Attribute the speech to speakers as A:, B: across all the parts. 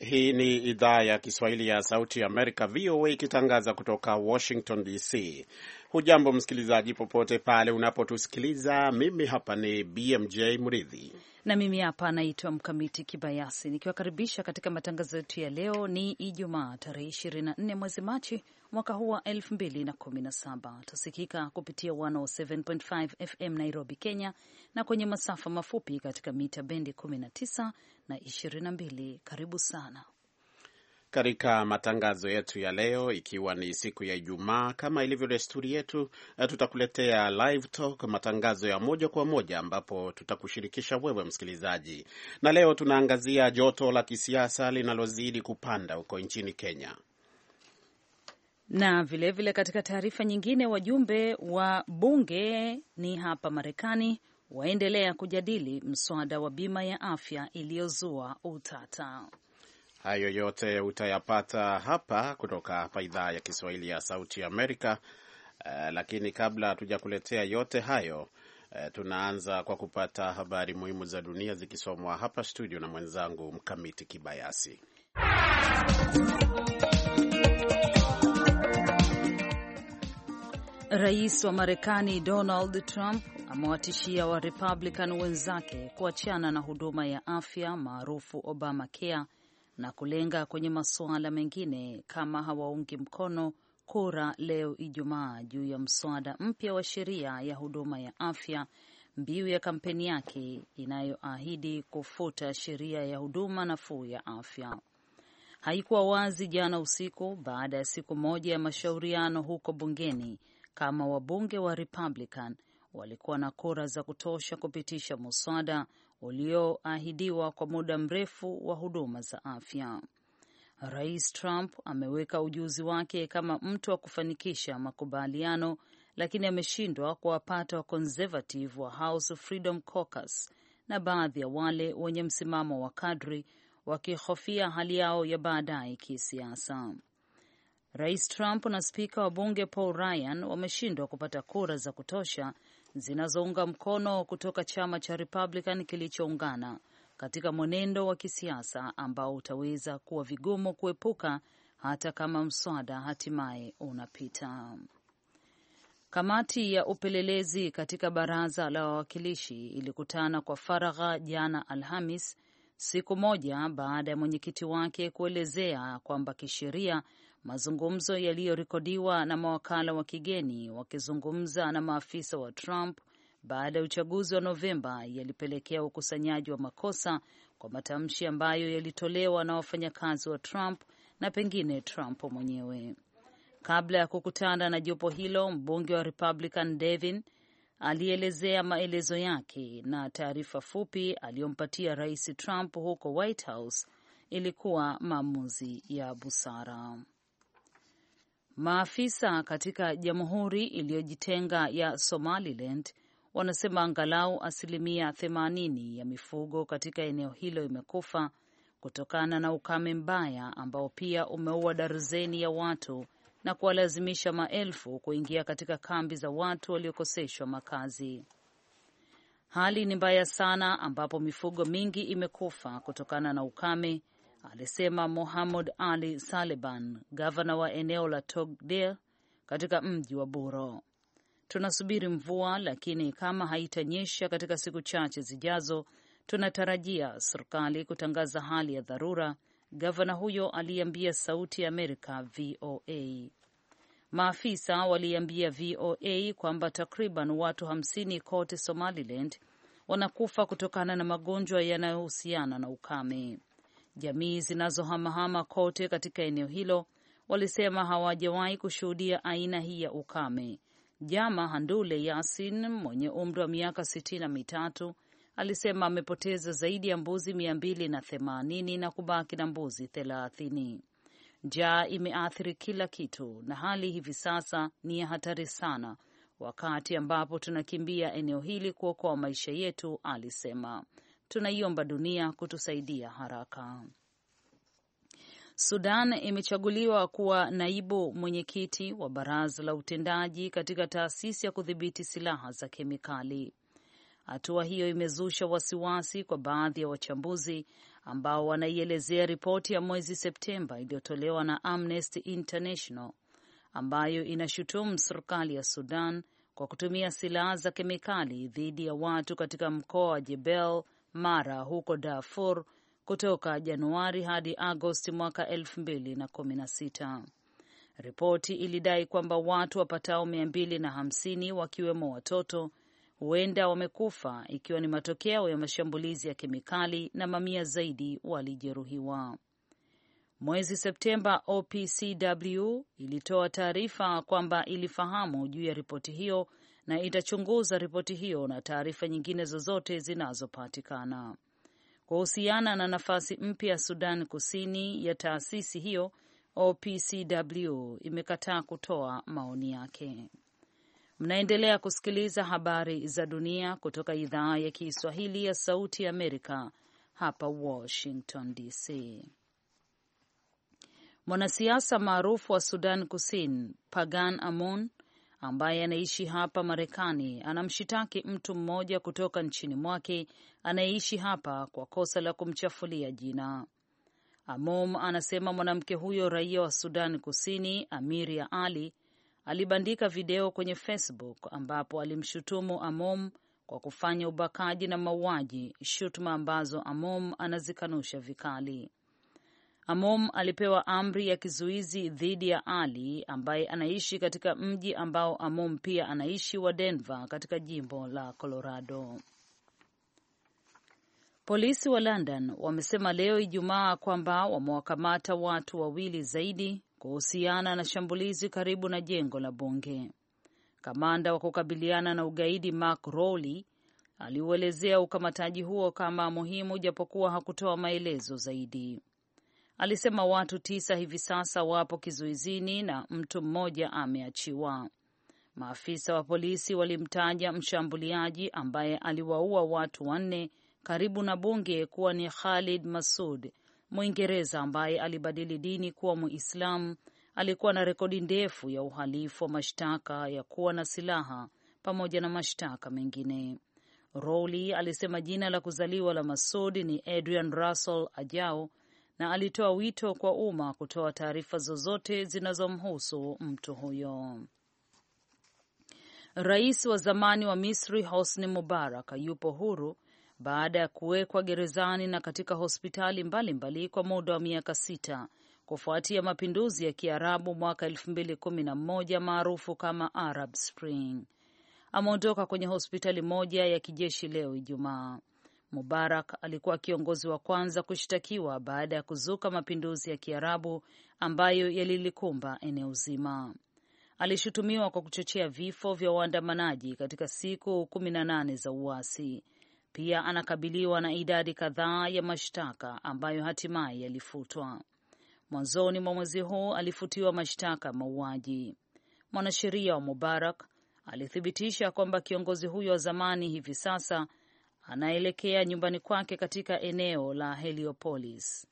A: Hii ni idhaa ya Kiswahili ya Sauti ya Amerika, VOA, ikitangaza kutoka Washington DC. Hujambo msikilizaji, popote pale unapotusikiliza. Mimi hapa ni BMJ Mridhi
B: na mimi hapa naitwa Mkamiti Kibayasi nikiwakaribisha katika matangazo yetu ya leo. Ni Ijumaa tarehe 24 mwezi Machi mwaka huu wa 2017. Tusikika kupitia 107.5 FM Nairobi, Kenya, na kwenye masafa mafupi katika mita bendi 19 na 22. Karibu sana
A: katika matangazo yetu ya leo, ikiwa ni siku ya Ijumaa, kama ilivyo desturi yetu, eh, tutakuletea live talk, matangazo ya moja kwa moja, ambapo tutakushirikisha wewe msikilizaji, na leo tunaangazia joto la kisiasa linalozidi kupanda huko nchini Kenya
B: na vilevile vile katika taarifa nyingine, wajumbe wa bunge ni hapa Marekani waendelea kujadili mswada wa bima ya afya iliyozua utata.
A: Hayo yote utayapata hapa kutoka hapa idhaa ya Kiswahili ya Sauti ya Amerika. Uh, lakini kabla hatujakuletea yote hayo uh, tunaanza kwa kupata habari muhimu za dunia zikisomwa hapa studio na mwenzangu Mkamiti Kibayasi.
B: Rais wa Marekani Donald Trump amewatishia Republican wenzake kuachana na huduma ya afya maarufu Obamacare na kulenga kwenye masuala mengine kama hawaungi mkono kura leo Ijumaa juu ya mswada mpya wa sheria ya huduma ya afya, mbiu ya kampeni yake inayoahidi kufuta sheria ya huduma nafuu ya afya haikuwa wazi jana usiku baada ya siku moja ya mashauriano huko bungeni kama wabunge wa Republican walikuwa na kura za kutosha kupitisha muswada ulioahidiwa kwa muda mrefu wa huduma za afya. Rais Trump ameweka ujuzi wake kama mtu wa kufanikisha makubaliano, lakini ameshindwa kuwapata wa conservative wa House Freedom Caucus na baadhi ya wale wenye msimamo wa kadri wakihofia hali yao ya baadaye kisiasa. Rais Trump na spika wa bunge Paul Ryan wameshindwa kupata kura za kutosha zinazounga mkono kutoka chama cha Republican kilichoungana katika mwenendo wa kisiasa ambao utaweza kuwa vigumu kuepuka hata kama mswada hatimaye unapita. Kamati ya upelelezi katika baraza la wawakilishi ilikutana kwa faragha jana Alhamis, siku moja baada ya mwenyekiti wake kuelezea kwamba kisheria mazungumzo yaliyorekodiwa na mawakala wa kigeni wakizungumza na maafisa wa Trump baada ya uchaguzi wa Novemba yalipelekea ukusanyaji wa makosa kwa matamshi ambayo yalitolewa na wafanyakazi wa Trump na pengine Trump mwenyewe. Kabla ya kukutana na jopo hilo, mbunge wa Republican Devin alielezea maelezo yake, na taarifa fupi aliyompatia Rais Trump huko White House ilikuwa maamuzi ya busara. Maafisa katika jamhuri iliyojitenga ya Somaliland wanasema angalau asilimia 80 ya mifugo katika eneo hilo imekufa kutokana na ukame mbaya ambao pia umeua darzeni ya watu na kuwalazimisha maelfu kuingia katika kambi za watu waliokoseshwa makazi. Hali ni mbaya sana, ambapo mifugo mingi imekufa kutokana na ukame alisema Mohamud Ali Saliban, gavana wa eneo la Togdel katika mji wa Buro. Tunasubiri mvua, lakini kama haitanyesha katika siku chache zijazo, tunatarajia serikali kutangaza hali ya dharura, gavana huyo aliambia Sauti ya Amerika VOA. Maafisa waliambia VOA kwamba takriban watu hamsini kote Somaliland wanakufa kutokana na magonjwa yanayohusiana na ukame. Jamii zinazohamahama kote katika eneo hilo walisema hawajawahi kushuhudia aina hii ya ukame. Jama Handule Yasin mwenye umri wa miaka sitini na mitatu alisema amepoteza zaidi ya mbuzi mia mbili na themanini na kubaki na mbuzi thelathini. Njaa imeathiri kila kitu na hali hivi sasa ni ya hatari sana, wakati ambapo tunakimbia eneo hili kuokoa maisha yetu, alisema tunaiomba dunia kutusaidia haraka. Sudan imechaguliwa kuwa naibu mwenyekiti wa baraza la utendaji katika taasisi ya kudhibiti silaha za kemikali. Hatua hiyo imezusha wasiwasi kwa baadhi ya wachambuzi ambao wanaielezea ripoti ya mwezi Septemba iliyotolewa na Amnesty International ambayo inashutumu serikali ya Sudan kwa kutumia silaha za kemikali dhidi ya watu katika mkoa wa Jebel mara huko Darfur kutoka Januari hadi Agosti mwaka 2016. Ripoti ilidai kwamba watu wapatao mia hamsini wakiwemo watoto huenda wamekufa ikiwa ni matokeo ya mashambulizi ya kemikali na mamia zaidi walijeruhiwa. Mwezi Septemba, OPCW ilitoa taarifa kwamba ilifahamu juu ya ripoti hiyo na itachunguza ripoti hiyo na taarifa nyingine zozote zinazopatikana. Kuhusiana na nafasi mpya ya Sudan Kusini ya taasisi hiyo, OPCW imekataa kutoa maoni yake. Mnaendelea kusikiliza habari za dunia kutoka idhaa ya Kiswahili ya Sauti ya Amerika hapa Washington DC. Mwanasiasa maarufu wa Sudan Kusini Pagan Amon ambaye anaishi hapa Marekani anamshitaki mtu mmoja kutoka nchini mwake anayeishi hapa kwa kosa la kumchafulia jina. Amom anasema mwanamke huyo raia wa Sudan Kusini, Amiria Ali, alibandika video kwenye Facebook ambapo alimshutumu Amom kwa kufanya ubakaji na mauaji, shutuma ambazo Amom anazikanusha vikali. Amom alipewa amri ya kizuizi dhidi ya Ali ambaye anaishi katika mji ambao Amom pia anaishi wa Denver katika jimbo la Colorado. Polisi wa London wamesema leo Ijumaa kwamba wamewakamata watu wawili zaidi kuhusiana na shambulizi karibu na jengo la bunge. Kamanda wa kukabiliana na ugaidi Mark Rowley aliuelezea ukamataji huo kama muhimu, japokuwa hakutoa maelezo zaidi alisema watu tisa hivi sasa wapo kizuizini na mtu mmoja ameachiwa. Maafisa wa polisi walimtaja mshambuliaji ambaye aliwaua watu wanne karibu na bunge kuwa ni Khalid Masud, Mwingereza ambaye alibadili dini kuwa Muislamu. Alikuwa na rekodi ndefu ya uhalifu wa mashtaka ya kuwa na silaha pamoja na mashtaka mengine. Rowley alisema jina la kuzaliwa la Masud ni Adrian Russell Ajao, na alitoa wito kwa umma kutoa taarifa zozote zinazomhusu mtu huyo. Rais wa zamani wa Misri Hosni Mubarak yupo huru baada ya kuwekwa gerezani na katika hospitali mbalimbali mbali kwa muda wa miaka sita kufuatia mapinduzi ya Kiarabu mwaka 2011 maarufu kama Arab Spring. Ameondoka kwenye hospitali moja ya kijeshi leo Ijumaa. Mubarak alikuwa kiongozi wa kwanza kushtakiwa baada ya kuzuka mapinduzi ya Kiarabu ambayo yalilikumba eneo zima. Alishutumiwa kwa kuchochea vifo vya waandamanaji katika siku kumi na nane za uasi. Pia anakabiliwa na idadi kadhaa ya mashtaka ambayo hatimaye yalifutwa. Mwanzoni mwa mwezi huu alifutiwa mashtaka ya mauaji. Mwanasheria wa Mubarak alithibitisha kwamba kiongozi huyo wa zamani hivi sasa anaelekea nyumbani kwake katika eneo la Heliopolis.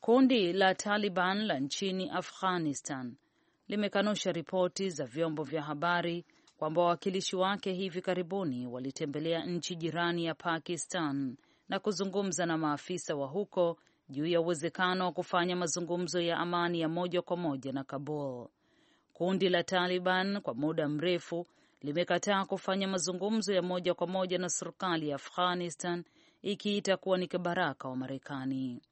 B: Kundi la Taliban la nchini Afghanistan limekanusha ripoti za vyombo vya habari kwamba wawakilishi wake hivi karibuni walitembelea nchi jirani ya Pakistan na kuzungumza na maafisa wa huko juu ya uwezekano wa kufanya mazungumzo ya amani ya moja kwa moja na Kabul. Kundi la Taliban kwa muda mrefu limekataa kufanya mazungumzo ya moja kwa moja na serikali ya Afghanistan ikiita kuwa ni kibaraka wa Marekani.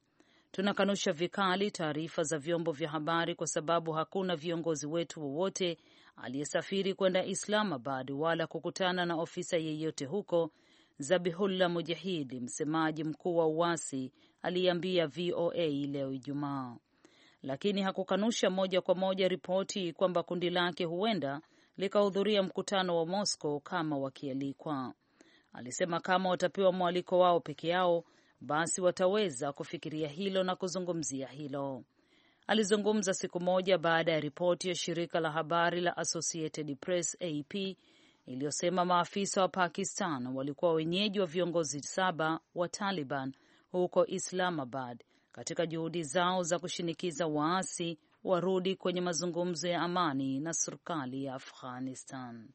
B: Tunakanusha vikali taarifa za vyombo vya habari kwa sababu hakuna viongozi wetu wowote aliyesafiri kwenda Islamabad wala kukutana na ofisa yeyote huko, Zabihullah Mujahidi, msemaji mkuu wa uasi aliyeambia VOA leo Ijumaa, lakini hakukanusha moja kwa moja ripoti kwamba kundi lake huenda likahudhuria mkutano wa Moscow kama wakialikwa. Alisema kama watapewa mwaliko wao peke yao, basi wataweza kufikiria hilo na kuzungumzia hilo. Alizungumza siku moja baada ya ripoti ya shirika la habari la Associated Press AP iliyosema maafisa wa Pakistan walikuwa wenyeji wa viongozi saba wa Taliban huko Islamabad katika juhudi zao za kushinikiza waasi warudi kwenye mazungumzo ya amani na serikali ya Afghanistan.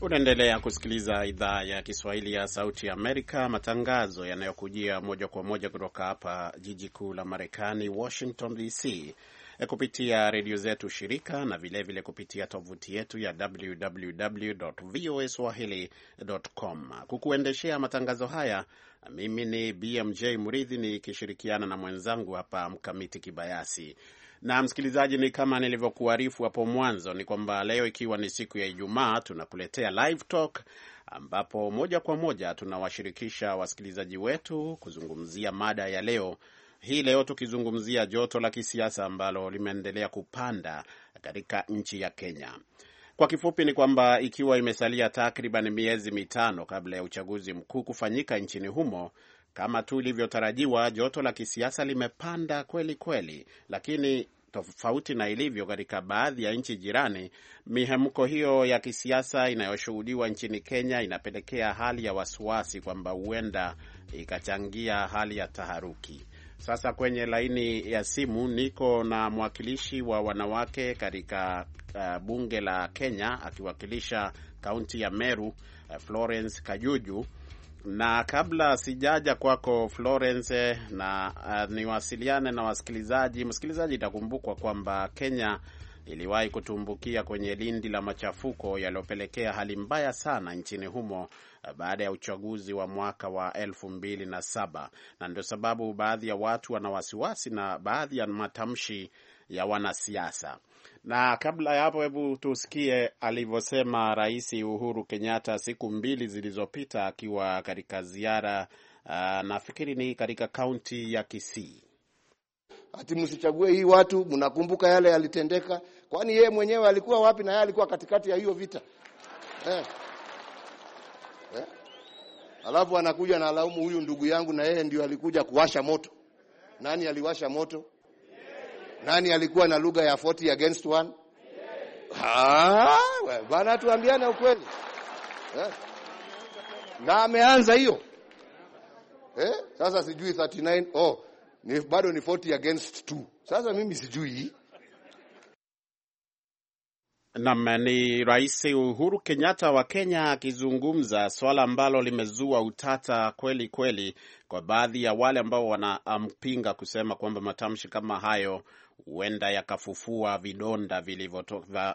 A: Unaendelea kusikiliza idhaa ya Kiswahili ya Sauti ya Amerika, matangazo yanayokujia moja kwa moja kutoka hapa jiji kuu la Marekani, Washington DC. E, kupitia redio zetu shirika na vilevile vile kupitia tovuti yetu ya www voa Kukuendeshea matangazo haya mimi ni BMJ Murithi nikishirikiana na mwenzangu hapa Mkamiti Kibayasi. Na msikilizaji, ni kama nilivyokuarifu hapo mwanzo, ni kwamba leo ikiwa ni siku ya Ijumaa, tunakuletea live talk ambapo moja kwa moja tunawashirikisha wasikilizaji wetu kuzungumzia mada ya leo hii leo tukizungumzia joto la kisiasa ambalo limeendelea kupanda katika nchi ya Kenya. Kwa kifupi ni kwamba ikiwa imesalia takriban miezi mitano kabla ya uchaguzi mkuu kufanyika nchini humo, kama tu ilivyotarajiwa, joto la kisiasa limepanda kweli kweli, lakini tofauti na ilivyo katika baadhi ya nchi jirani, mihemko hiyo ya kisiasa inayoshuhudiwa nchini Kenya inapelekea hali ya wasiwasi kwamba huenda ikachangia hali ya taharuki. Sasa kwenye laini ya simu niko na mwakilishi wa wanawake katika uh, bunge la Kenya akiwakilisha kaunti ya Meru, uh, Florence Kajuju. Na kabla sijaja kwako Florence, na uh, niwasiliane na wasikilizaji. Msikilizaji, itakumbukwa kwamba Kenya iliwahi kutumbukia kwenye lindi la machafuko yaliyopelekea hali mbaya sana nchini humo eh, baada ya uchaguzi wa mwaka wa elfu mbili na saba na ndio sababu baadhi ya watu wana wasiwasi na baadhi ya matamshi ya wanasiasa. Na kabla ya hapo, hebu tusikie alivyosema Rais Uhuru Kenyatta siku mbili zilizopita akiwa katika ziara uh, nafikiri ni katika kaunti ya Kisii. Ati msichague hii watu, mnakumbuka yale yalitendeka Kwani yeye mwenyewe alikuwa wapi? Na yeye alikuwa katikati ya hiyo vita eh. Eh. Alafu anakuja na laumu huyu ndugu yangu, na yeye ndio alikuja kuwasha moto. Nani aliwasha moto? Nani alikuwa na lugha ya 40 against one? Ah, bana, tuambiane ukweli eh. Na ameanza hiyo
C: eh? Sasa sijui 39 oh, ni bado ni 40 against 2. Sasa mimi
D: sijui
A: Nam ni Rais Uhuru Kenyatta wa Kenya akizungumza swala ambalo limezua utata kweli kweli kwa baadhi ya wale ambao wanampinga kusema kwamba matamshi kama hayo huenda yakafufua vidonda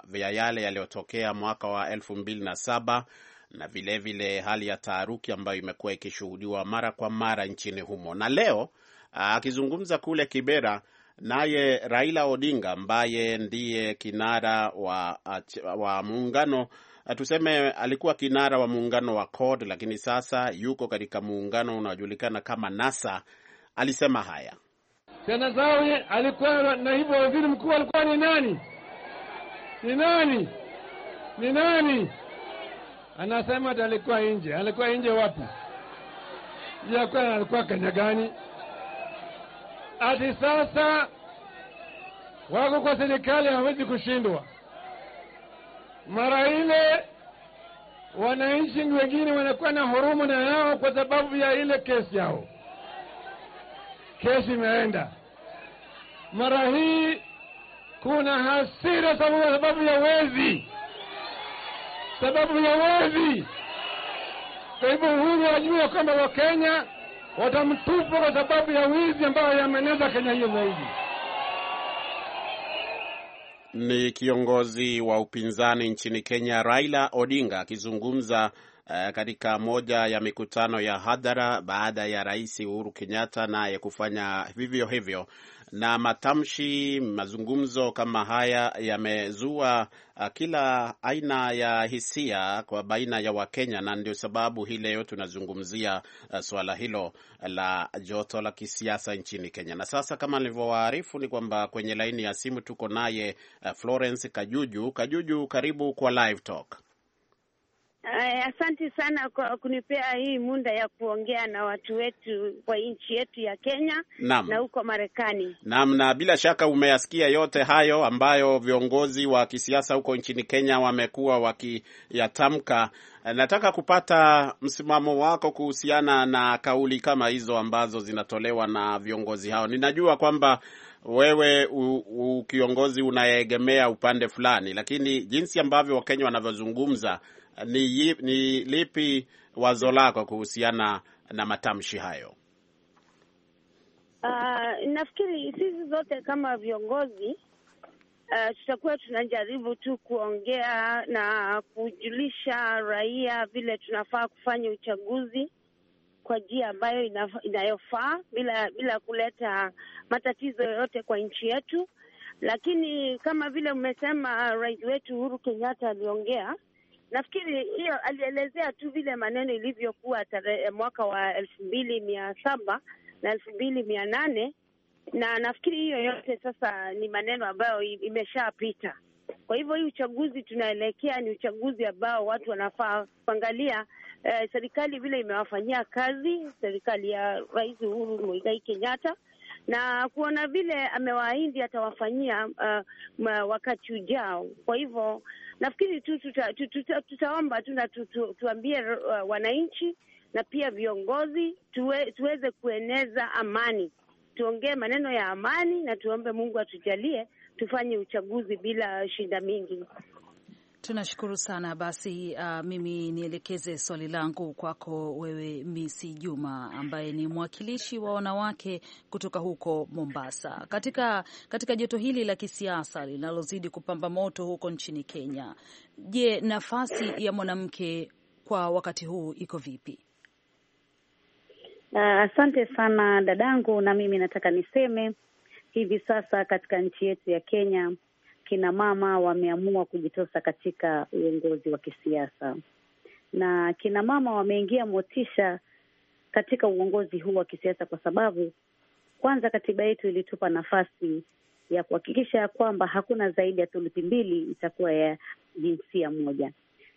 A: vya yale yaliyotokea mwaka wa elfu mbili na saba na vilevile vile hali ya taharuki ambayo imekuwa ikishuhudiwa mara kwa mara nchini humo. Na leo akizungumza kule Kibera Naye Raila Odinga ambaye ndiye kinara wa, wa muungano eh, tuseme, alikuwa kinara wa muungano wa CORD, lakini sasa yuko katika muungano unaojulikana kama NASA, alisema haya
C: tena. alikuwa naibu waziri mkuu, alikuwa ni nani? Ni nani? Ni nani? Anasema alikuwa nje. Alikuwa nje wapi? Alikuwa kanya gani? ati sasa wako kwa serikali hawezi kushindwa. Mara ile wananchi wengine wanakuwa na huruma na yao kwa sababu ya ile kesi yao, kesi imeenda. Mara hii kuna hasira sababu ya wezi, sababu ya wezi. Kwa hivyo huyu ajue kwamba Wakenya watamtupa kwa sababu ya wizi ambayo yameneza Kenya hiyo zaidi.
A: Ni kiongozi wa upinzani nchini Kenya Raila Odinga akizungumza uh, katika moja ya mikutano ya hadhara baada ya Rais Uhuru Kenyatta naye kufanya vivyo hivyo na matamshi, mazungumzo kama haya yamezua uh, kila aina ya hisia kwa baina ya Wakenya, na ndio sababu hii leo tunazungumzia uh, suala hilo la joto la kisiasa nchini Kenya. Na sasa kama nilivyowaarifu, ni kwamba kwenye laini ya simu tuko naye uh, Florence Kajuju. Kajuju, karibu kwa Live Talk.
E: Uh, asante sana kwa kunipea hii muda ya kuongea na watu wetu kwa nchi yetu ya Kenya Naam. na huko Marekani.
A: Naam, na bila shaka umeyasikia yote hayo ambayo viongozi wa kisiasa huko nchini Kenya wamekuwa wakiyatamka. Eh, nataka kupata msimamo wako kuhusiana na kauli kama hizo ambazo zinatolewa na viongozi hao. Ninajua kwamba wewe ukiongozi unaegemea upande fulani, lakini jinsi ambavyo Wakenya wanavyozungumza ni, ni lipi wazo lako kuhusiana na matamshi hayo?
E: Uh, nafikiri sisi zote kama viongozi uh, tutakuwa tunajaribu tu kuongea na kujulisha raia vile tunafaa kufanya uchaguzi kwa njia ambayo inayofaa bila bila kuleta matatizo yoyote kwa nchi yetu. Lakini kama vile umesema, rais wetu Uhuru Kenyatta aliongea Nafikiri hiyo alielezea tu vile maneno ilivyokuwa tarehe mwaka wa elfu mbili mia saba na elfu mbili mia nane na nafikiri hiyo yote sasa ni maneno ambayo imeshapita. Kwa hivyo hii uchaguzi tunaelekea ni uchaguzi ambao watu wanafaa kuangalia eh, serikali vile imewafanyia kazi, serikali ya Rais Uhuru Muigai Kenyatta na kuona vile amewaahidi atawafanyia uh, wakati ujao. Kwa hivyo Nafikiri tu tutaomba tuta, tuta tu na tuambie uh, wananchi na pia viongozi tuwe, tuweze kueneza amani, tuongee maneno ya amani na tuombe Mungu atujalie tufanye uchaguzi bila shinda mingi.
B: Tunashukuru sana basi. Uh, mimi nielekeze swali langu kwako wewe Misi Juma ambaye ni mwakilishi wa wanawake kutoka huko Mombasa, katika katika joto hili la kisiasa linalozidi kupamba moto huko nchini Kenya. Je, nafasi ya mwanamke kwa wakati huu iko vipi? Uh,
F: asante uh, sana dadangu, na mimi nataka niseme hivi sasa katika nchi yetu ya Kenya kina mama wameamua kujitosa katika uongozi wa kisiasa, na kina mama wameingia motisha katika uongozi huu wa kisiasa kwa sababu kwanza, katiba yetu ilitupa nafasi ya kuhakikisha ya kwamba hakuna zaidi ya thuluthi mbili itakuwa ya jinsia moja,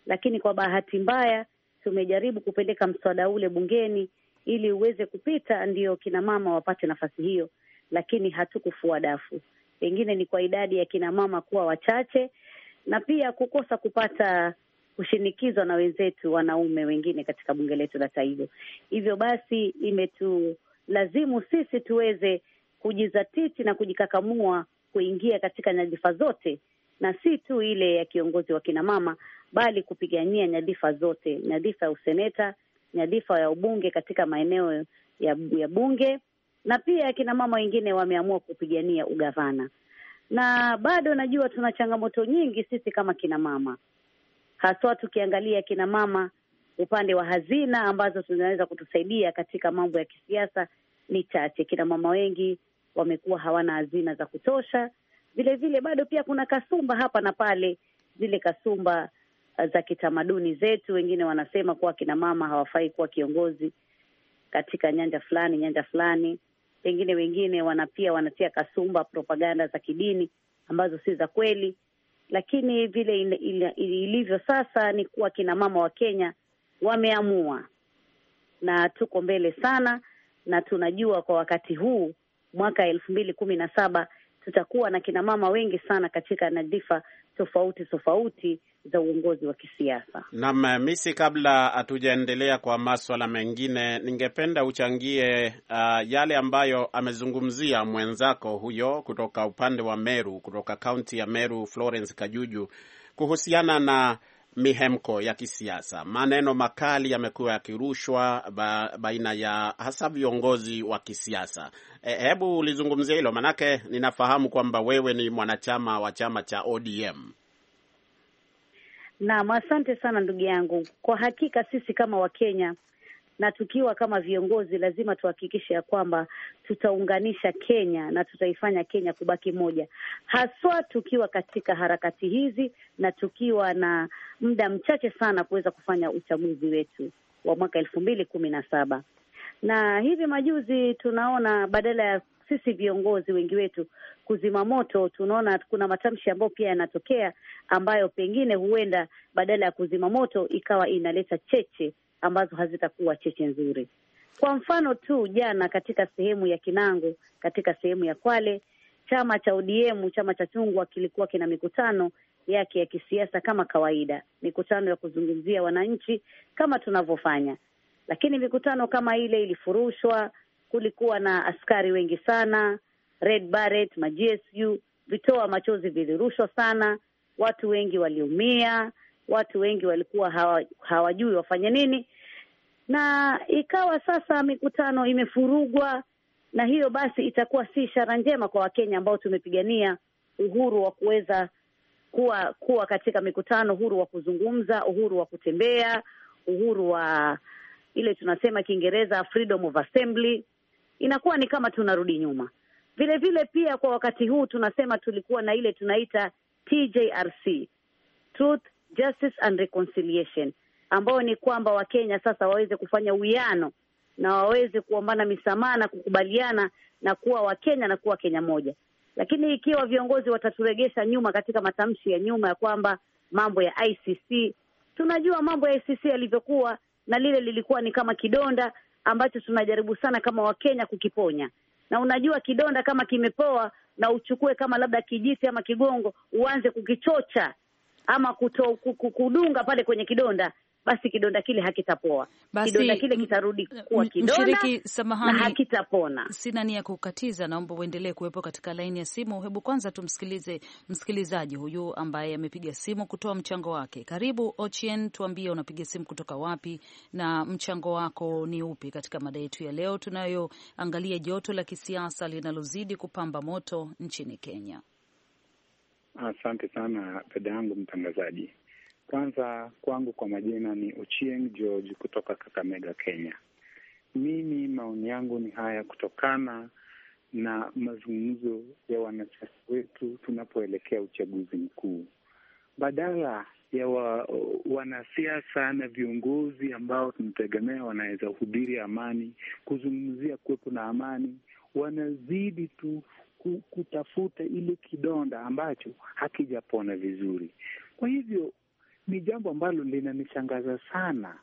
F: lakini kwa bahati mbaya tumejaribu kupeleka mswada ule bungeni ili uweze kupita, ndio kina mama wapate nafasi hiyo, lakini hatukufua dafu pengine ni kwa idadi ya kina mama kuwa wachache na pia kukosa kupata kushinikizwa na wenzetu wanaume wengine katika bunge letu la taifa. Hivyo basi imetulazimu sisi tuweze kujizatiti na kujikakamua kuingia katika nyadhifa zote na si tu ile ya kiongozi wa kina mama, bali kupigania nyadhifa zote, nyadhifa ya useneta, nyadhifa ya ubunge katika maeneo ya, ya bunge na pia akina mama wengine wameamua kupigania ugavana, na bado najua tuna changamoto nyingi sisi kama kina mama, haswa tukiangalia kina mama upande wa hazina ambazo zinaweza kutusaidia katika mambo ya kisiasa ni chache. Kina mama wengi wamekuwa hawana hazina za kutosha. Vile vile bado pia kuna kasumba hapa na pale, zile kasumba uh, za kitamaduni zetu. Wengine wanasema kuwa kina mama hawafai kuwa kiongozi katika nyanja fulani, nyanja fulani pengine wengine wanapia wanatia kasumba propaganda za kidini ambazo si za kweli, lakini vile ilivyo sasa ni kuwa kina mama wa Kenya wameamua, na tuko mbele sana, na tunajua kwa wakati huu mwaka elfu mbili kumi na saba tutakuwa na kinamama wengi sana katika Nadifa tofauti tofauti za uongozi wa kisiasa.
A: Naam, Misi, kabla hatujaendelea kwa maswala mengine, ningependa uchangie uh, yale ambayo amezungumzia mwenzako huyo kutoka upande wa Meru, kutoka kaunti ya Meru, Florence Kajuju kuhusiana na mihemko ya kisiasa. Maneno makali yamekuwa yakirushwa baina ya hasa viongozi wa kisiasa. E, hebu ulizungumzia hilo, manake ninafahamu kwamba wewe ni mwanachama wa chama cha ODM.
F: Naam, asante sana ndugu yangu. Kwa hakika sisi kama Wakenya na tukiwa kama viongozi lazima tuhakikishe ya kwamba tutaunganisha Kenya na tutaifanya Kenya kubaki moja, haswa tukiwa katika harakati hizi na tukiwa na muda mchache sana kuweza kufanya uchaguzi wetu wa mwaka elfu mbili kumi na saba na hivi majuzi tunaona badala ya sisi viongozi wengi wetu kuzima moto, tunaona kuna matamshi ambayo pia yanatokea ambayo pengine huenda badala ya kuzima moto ikawa inaleta cheche ambazo hazitakuwa cheche nzuri. Kwa mfano tu, jana katika sehemu ya Kinango, katika sehemu ya Kwale, chama cha ODM, chama cha chungwa, kilikuwa kina mikutano yake ya kisiasa kama kawaida, mikutano ya kuzungumzia wananchi kama tunavyofanya, lakini mikutano kama ile ilifurushwa. Kulikuwa na askari wengi sana, red beret, ma GSU, vitoa machozi vilirushwa sana, watu wengi waliumia, watu wengi walikuwa hawa, hawajui wafanye nini, na ikawa sasa mikutano imefurugwa, na hiyo basi itakuwa si ishara njema kwa Wakenya ambao tumepigania uhuru wa kuweza kuwa kuwa katika mikutano, uhuru wa kuzungumza, uhuru wa kutembea, uhuru wa ile tunasema Kiingereza freedom of assembly. Inakuwa ni kama tunarudi nyuma. Vile vile pia kwa wakati huu tunasema tulikuwa na ile tunaita TJRC, Truth Justice and Reconciliation, ambao ni kwamba Wakenya sasa waweze kufanya uwiano na waweze kuombana misamaha na kukubaliana na kuwa Wakenya na kuwa Kenya moja. Lakini ikiwa viongozi wataturegesha nyuma katika matamshi ya nyuma ya kwamba mambo ya ICC, tunajua mambo ya ICC yalivyokuwa, na lile lilikuwa ni kama kidonda ambacho tunajaribu sana kama Wakenya kukiponya. Na unajua kidonda kama kimepoa, na uchukue kama labda kijiti ama kigongo, uanze kukichocha ama kuto, kudunga pale kwenye kidonda basi kidonda kile hakitapoa. Basi, kidonda kile kitarudi kuwa kidonda
B: na hakitapona. Sina nia kukatiza, naomba uendelee kuwepo katika laini ya simu. Hebu kwanza tumsikilize msikilizaji huyu ambaye amepiga simu kutoa mchango wake. Karibu Ochien, tuambie unapiga simu kutoka wapi na mchango wako ni upi katika mada yetu ya leo tunayoangalia joto la kisiasa linalozidi kupamba moto nchini Kenya.
D: Asante sana dada yangu mtangazaji. Kwanza kwangu kwa majina ni Ochieng George kutoka Kakamega, Kenya. Mimi maoni yangu ni haya, kutokana na mazungumzo ya wanasiasa wetu tunapoelekea uchaguzi mkuu, badala ya wa, wanasiasa na viongozi ambao tunategemea wanaweza hubiri amani, kuzungumzia kuwepo na amani, wanazidi tu kutafuta ile kidonda ambacho hakijapona vizuri. Kwa hivyo ni jambo ambalo linanishangaza sana,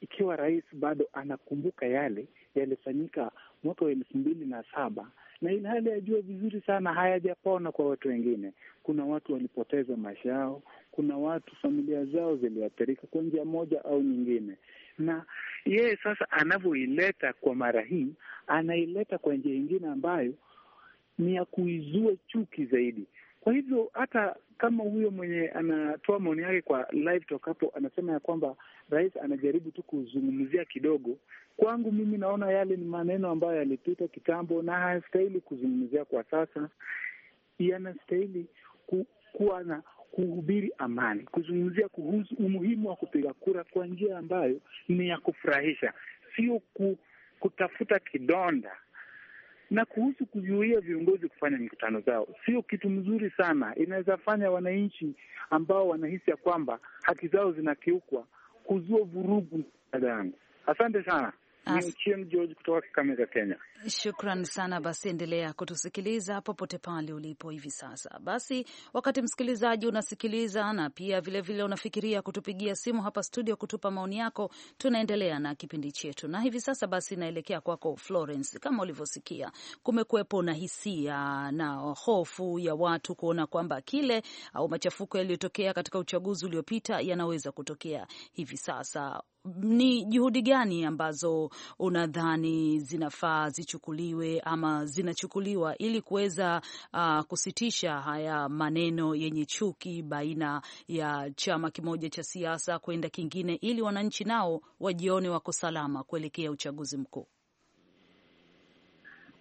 D: ikiwa rais bado anakumbuka yale yalifanyika mwaka wa elfu mbili na saba na ili hali yajua vizuri sana hayajapona kwa watu wengine. Kuna watu walipoteza maisha yao, kuna watu familia zao ziliathirika kwa njia moja au nyingine, na yeye sasa anavyoileta kwa mara hii, anaileta kwa njia ingine ambayo ni ya kuizua chuki zaidi. Kwa hivyo hata kama huyo mwenye anatoa maoni yake kwa live talk hapo anasema ya kwamba rais anajaribu tu kuzungumzia kidogo, kwangu mimi naona yale ni maneno ambayo yalipita kitambo na hayastahili kuzungumzia kwa sasa. Yanastahili ku, kuwa na kuhubiri amani, kuzungumzia kuhusu umuhimu wa kupiga kura kwa njia ambayo ni ya kufurahisha, sio ku, kutafuta kidonda na kuhusu kuzuia viongozi kufanya mikutano zao, sio kitu mzuri sana. Inaweza fanya wananchi ambao wanahisi ya kwamba haki zao zinakiukwa kuzua vurugu. Dada yangu, asante sana. Jim George kutoka Kakamega, Kenya.
B: Shukran sana. Basi endelea kutusikiliza popote pale ulipo hivi sasa. Basi wakati msikilizaji unasikiliza na pia vilevile vile unafikiria kutupigia simu hapa studio kutupa maoni yako, tunaendelea na kipindi chetu, na hivi sasa basi naelekea kwako Florence. Kama ulivyosikia, kumekuwepo na hisia na hofu ya watu kuona kwamba kile au machafuko yaliyotokea katika uchaguzi uliopita yanaweza kutokea hivi sasa ni juhudi gani ambazo unadhani zinafaa zichukuliwe ama zinachukuliwa ili kuweza uh, kusitisha haya maneno yenye chuki baina ya chama kimoja cha siasa kwenda kingine, ili wananchi nao wajione wako salama kuelekea uchaguzi mkuu?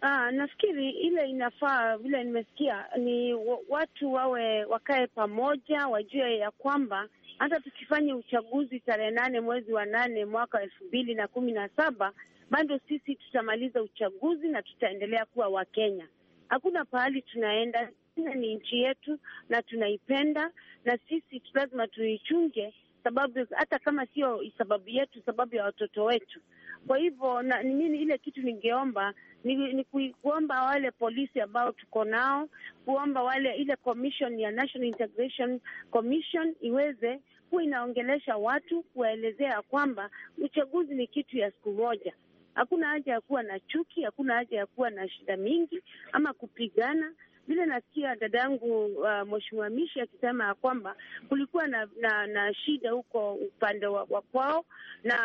E: Ah, nafikiri ile inafaa vile nimesikia ni watu wawe wakae pamoja, wajue ya kwamba hata tukifanya uchaguzi tarehe nane mwezi wa nane mwaka wa elfu mbili na kumi na saba bado sisi tutamaliza uchaguzi na tutaendelea kuwa Wakenya. Hakuna pahali tunaenda Palestina ni nchi yetu na tunaipenda, na sisi lazima tuichunge, sababu hata kama sio sababu yetu, sababu ya watoto wetu. Kwa hivyo na mimi ile kitu ningeomba ni, ni kuomba wale polisi ambao tuko nao, kuomba wale ile commission ya National Integration Commission iweze kuwa inaongelesha watu, kuwaelezea kwamba uchaguzi ni kitu ya siku moja. Hakuna haja ya kuwa na chuki, hakuna haja ya kuwa na shida mingi ama kupigana vile nasikia dada yangu uh, mheshimiwa Mishi akisema ya kwamba kulikuwa na, na na shida huko upande wa, wa kwao na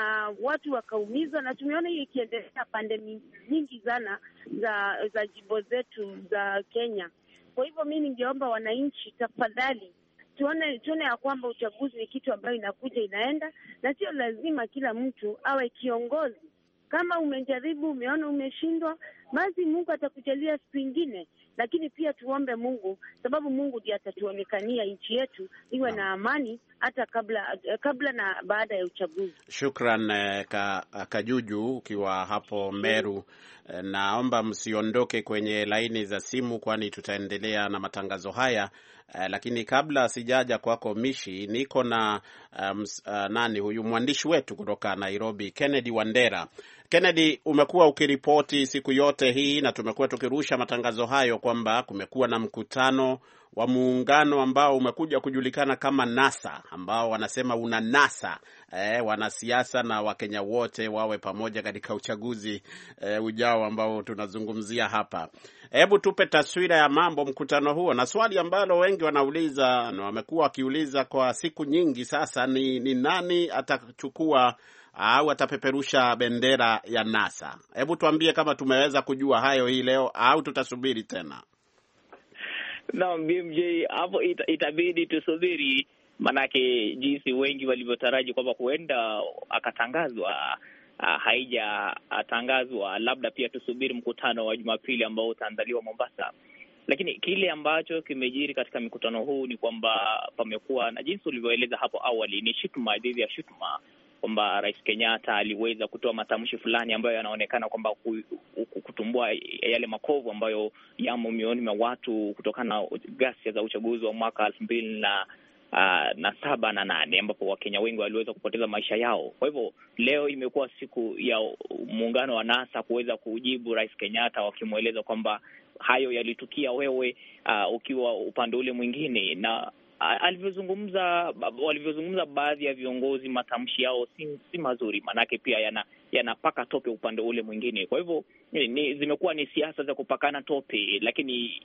E: watu wakaumizwa, na tumeona hiyo ikiendelea pande nyingi sana za za jimbo zetu za Kenya. Kwa hivyo mi ningeomba wananchi tafadhali tuone tuone ya kwamba uchaguzi ni kitu ambayo inakuja inaenda, na sio lazima kila mtu awe kiongozi. Kama umejaribu umeona umeshindwa, basi Mungu atakujalia siku ingine lakini pia tuombe Mungu, sababu Mungu ndiye atatuonekania nchi yetu iwe na amani hata kabla kabla na baada ya uchaguzi.
A: Shukran eh, ka, Kajuju ukiwa hapo Meru eh, naomba msiondoke kwenye laini za simu, kwani tutaendelea na matangazo haya eh, lakini kabla sijaja kwako Mishi, niko na um, uh, nani huyu mwandishi wetu kutoka Nairobi Kennedy Wandera Kennedy, umekuwa ukiripoti siku yote hii na tumekuwa tukirusha matangazo hayo kwamba kumekuwa na mkutano wa muungano ambao umekuja kujulikana kama NASA, ambao wanasema una NASA eh, wanasiasa na Wakenya wote wawe pamoja katika uchaguzi eh, ujao ambao tunazungumzia hapa. Hebu tupe taswira ya mambo mkutano huo, na swali ambalo wengi wanauliza na wamekuwa wakiuliza kwa siku nyingi sasa ni, ni nani atachukua au atapeperusha bendera ya NASA? Hebu tuambie kama tumeweza kujua hayo hii leo au tutasubiri tena.
G: Naam, BMJ, hapo ita, itabidi tusubiri, maanake jinsi wengi walivyotaraji kwamba huenda akatangazwa haijatangazwa. Labda pia tusubiri mkutano wa Jumapili ambao utaandaliwa Mombasa, lakini kile ambacho kimejiri katika mkutano huu ni kwamba pamekuwa na jinsi ulivyoeleza hapo awali, ni shutuma dhidi ya shutuma kwamba Rais Kenyatta aliweza kutoa matamshi fulani ambayo yanaonekana kwamba kutumbua yale makovu ambayo yamo mioni mwa watu kutokana na ghasia za uchaguzi wa mwaka elfu mbili na Uh, na saba na nane ambapo Wakenya wengi waliweza kupoteza maisha yao. Kwa hivyo leo imekuwa siku ya muungano wa NASA kuweza kujibu Rais Kenyatta wakimweleza kwamba hayo yalitukia wewe, uh, ukiwa upande ule mwingine, na alivyozungumza walivyozungumza baadhi ya viongozi, matamshi yao si, si mazuri, maanake pia yana yanapaka tope upande ule mwingine. Kwa hivyo zimekuwa ni siasa za kupakana tope, lakini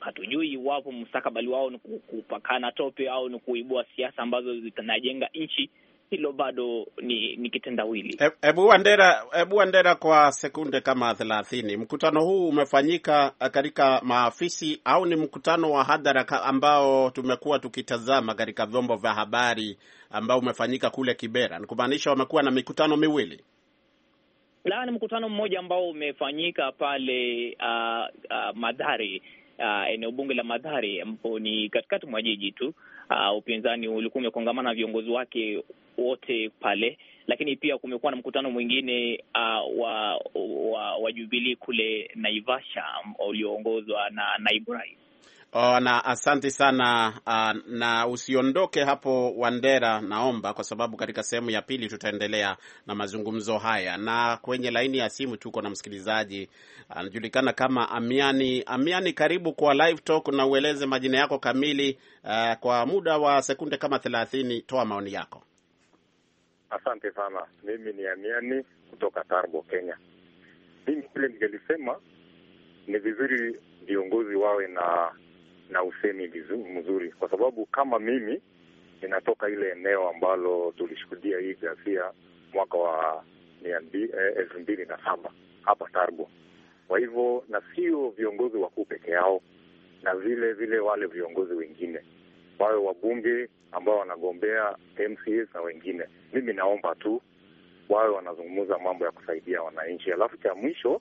G: hatujui iwapo mustakabali wao ni kupakana tope au ni kuibua siasa ambazo zitanajenga nchi hilo bado ni, ni kitendawili.
A: Hebu Wandera, hebu Wandera, kwa sekunde kama thelathini, mkutano huu umefanyika katika maafisi au ni mkutano wa hadhara ambao tumekuwa tukitazama katika vyombo vya habari ambao umefanyika kule Kibera? Ni kumaanisha wamekuwa na mikutano miwili?
G: La, ni mkutano mmoja ambao umefanyika pale uh, uh, Madhari, uh, eneo bunge la Madhari ambapo ni katikati mwa jiji tu uh, upinzani ulikuwa umekongamana na viongozi wake wote pale, lakini pia kumekuwa na mkutano mwingine uh, wa, wa, wa Jubilii kule Naivasha um, ulioongozwa na naibu rais
A: Oh, na asante sana uh, na usiondoke hapo Wandera, naomba kwa sababu katika sehemu ya pili tutaendelea na mazungumzo haya, na kwenye laini ya simu tuko na msikilizaji anajulikana uh, kama Amiani. Amiani, karibu kwa live talk, na ueleze majina yako kamili uh, kwa muda wa sekunde kama thelathini, toa maoni yako.
D: Asante sana, mimi ni Amiani kutoka Tarbo, Kenya. Mimi kile ningelisema ni vizuri viongozi wawe na na usemi mzuri, kwa sababu kama mimi ninatoka ile eneo ambalo tulishuhudia hii ghasia mwaka wa eh, elfu mbili na saba hapa Tarbo. Kwa hivyo na sio viongozi wakuu peke yao, na vile vile wale viongozi wengine wawe wabunge ambao wanagombea MCAs na wengine, mimi naomba tu wawe wanazungumza mambo ya kusaidia wananchi. Alafu cha mwisho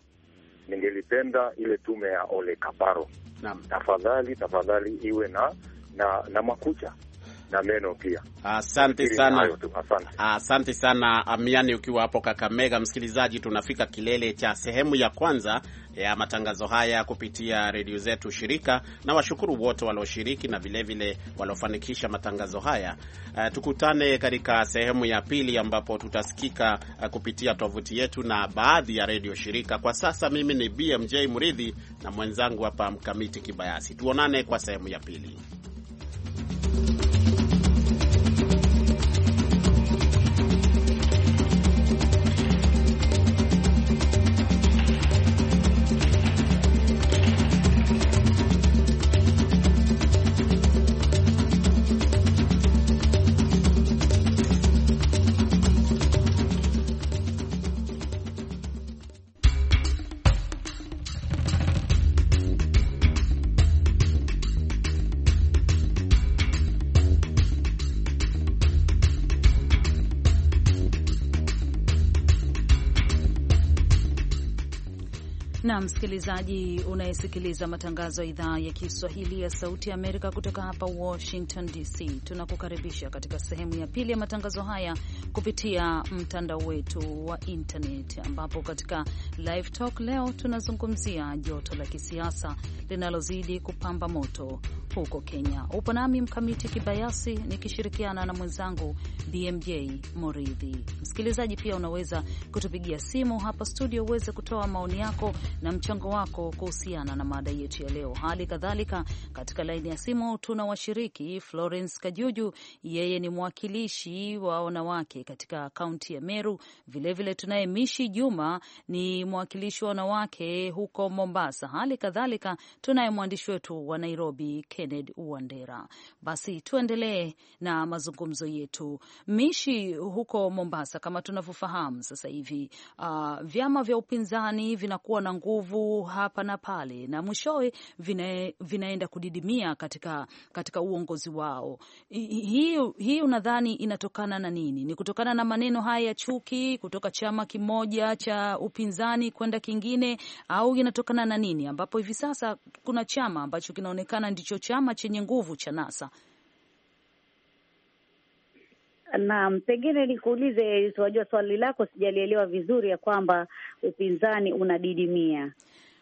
D: ningelipenda ile tume ya Ole kaparo naam, tafadhali tafadhali iwe na na, na makucha na meno pia.
A: Asante sana, asante sana Amiani, ukiwa hapo Kakamega. Msikilizaji, tunafika kilele cha sehemu ya kwanza ya matangazo haya kupitia redio zetu shirika, na washukuru wote walioshiriki na vilevile waliofanikisha matangazo haya. Uh, tukutane katika sehemu ya pili ambapo tutasikika uh, kupitia tovuti yetu na baadhi ya redio shirika. Kwa sasa mimi ni BMJ Muridhi na mwenzangu hapa Mkamiti Kibayasi. Tuonane kwa sehemu ya pili.
B: na msikilizaji unayesikiliza matangazo ya idhaa ya Kiswahili ya Sauti ya Amerika kutoka hapa Washington DC, tunakukaribisha katika sehemu ya pili ya matangazo haya kupitia mtandao wetu wa internet, ambapo katika live talk leo tunazungumzia joto la kisiasa linalozidi kupamba moto huko Kenya. Upo nami Mkamiti Kibayasi nikishirikiana na mwenzangu BMJ Moridhi. Msikilizaji, pia unaweza kutupigia simu hapa studio uweze kutoa maoni yako na mchango wako kuhusiana na mada yetu ya leo. Hali kadhalika katika laini ya simu tuna washiriki Florence Kajuju, yeye ni mwakilishi wa wanawake katika kaunti ya Meru. Vilevile tunaye Mishi Juma, ni mwakilishi wa wanawake huko Mombasa. Hali kadhalika tunaye mwandishi wetu wa Nairobi Kennedy Wandera. Basi tuendelee na mazungumzo yetu. Mishi huko Mombasa, kama tunavyofahamu sasa hivi, uh, vyama vya upinzani vinakuwa na nguvu hapa na pale na mwishowe vina, vinaenda kudidimia katika, katika uongozi wao. Hii hi, unadhani inatokana na nini? Ni kutokana na maneno haya ya chuki kutoka chama kimoja cha upinzani kwenda kingine, au inatokana na nini, ambapo hivi sasa kuna chama ambacho kinaonekana ndicho chama chenye nguvu cha NASA.
F: Naam, pengine nikuulize, tunajua swali lako sijalielewa vizuri, ya kwamba upinzani unadidimia,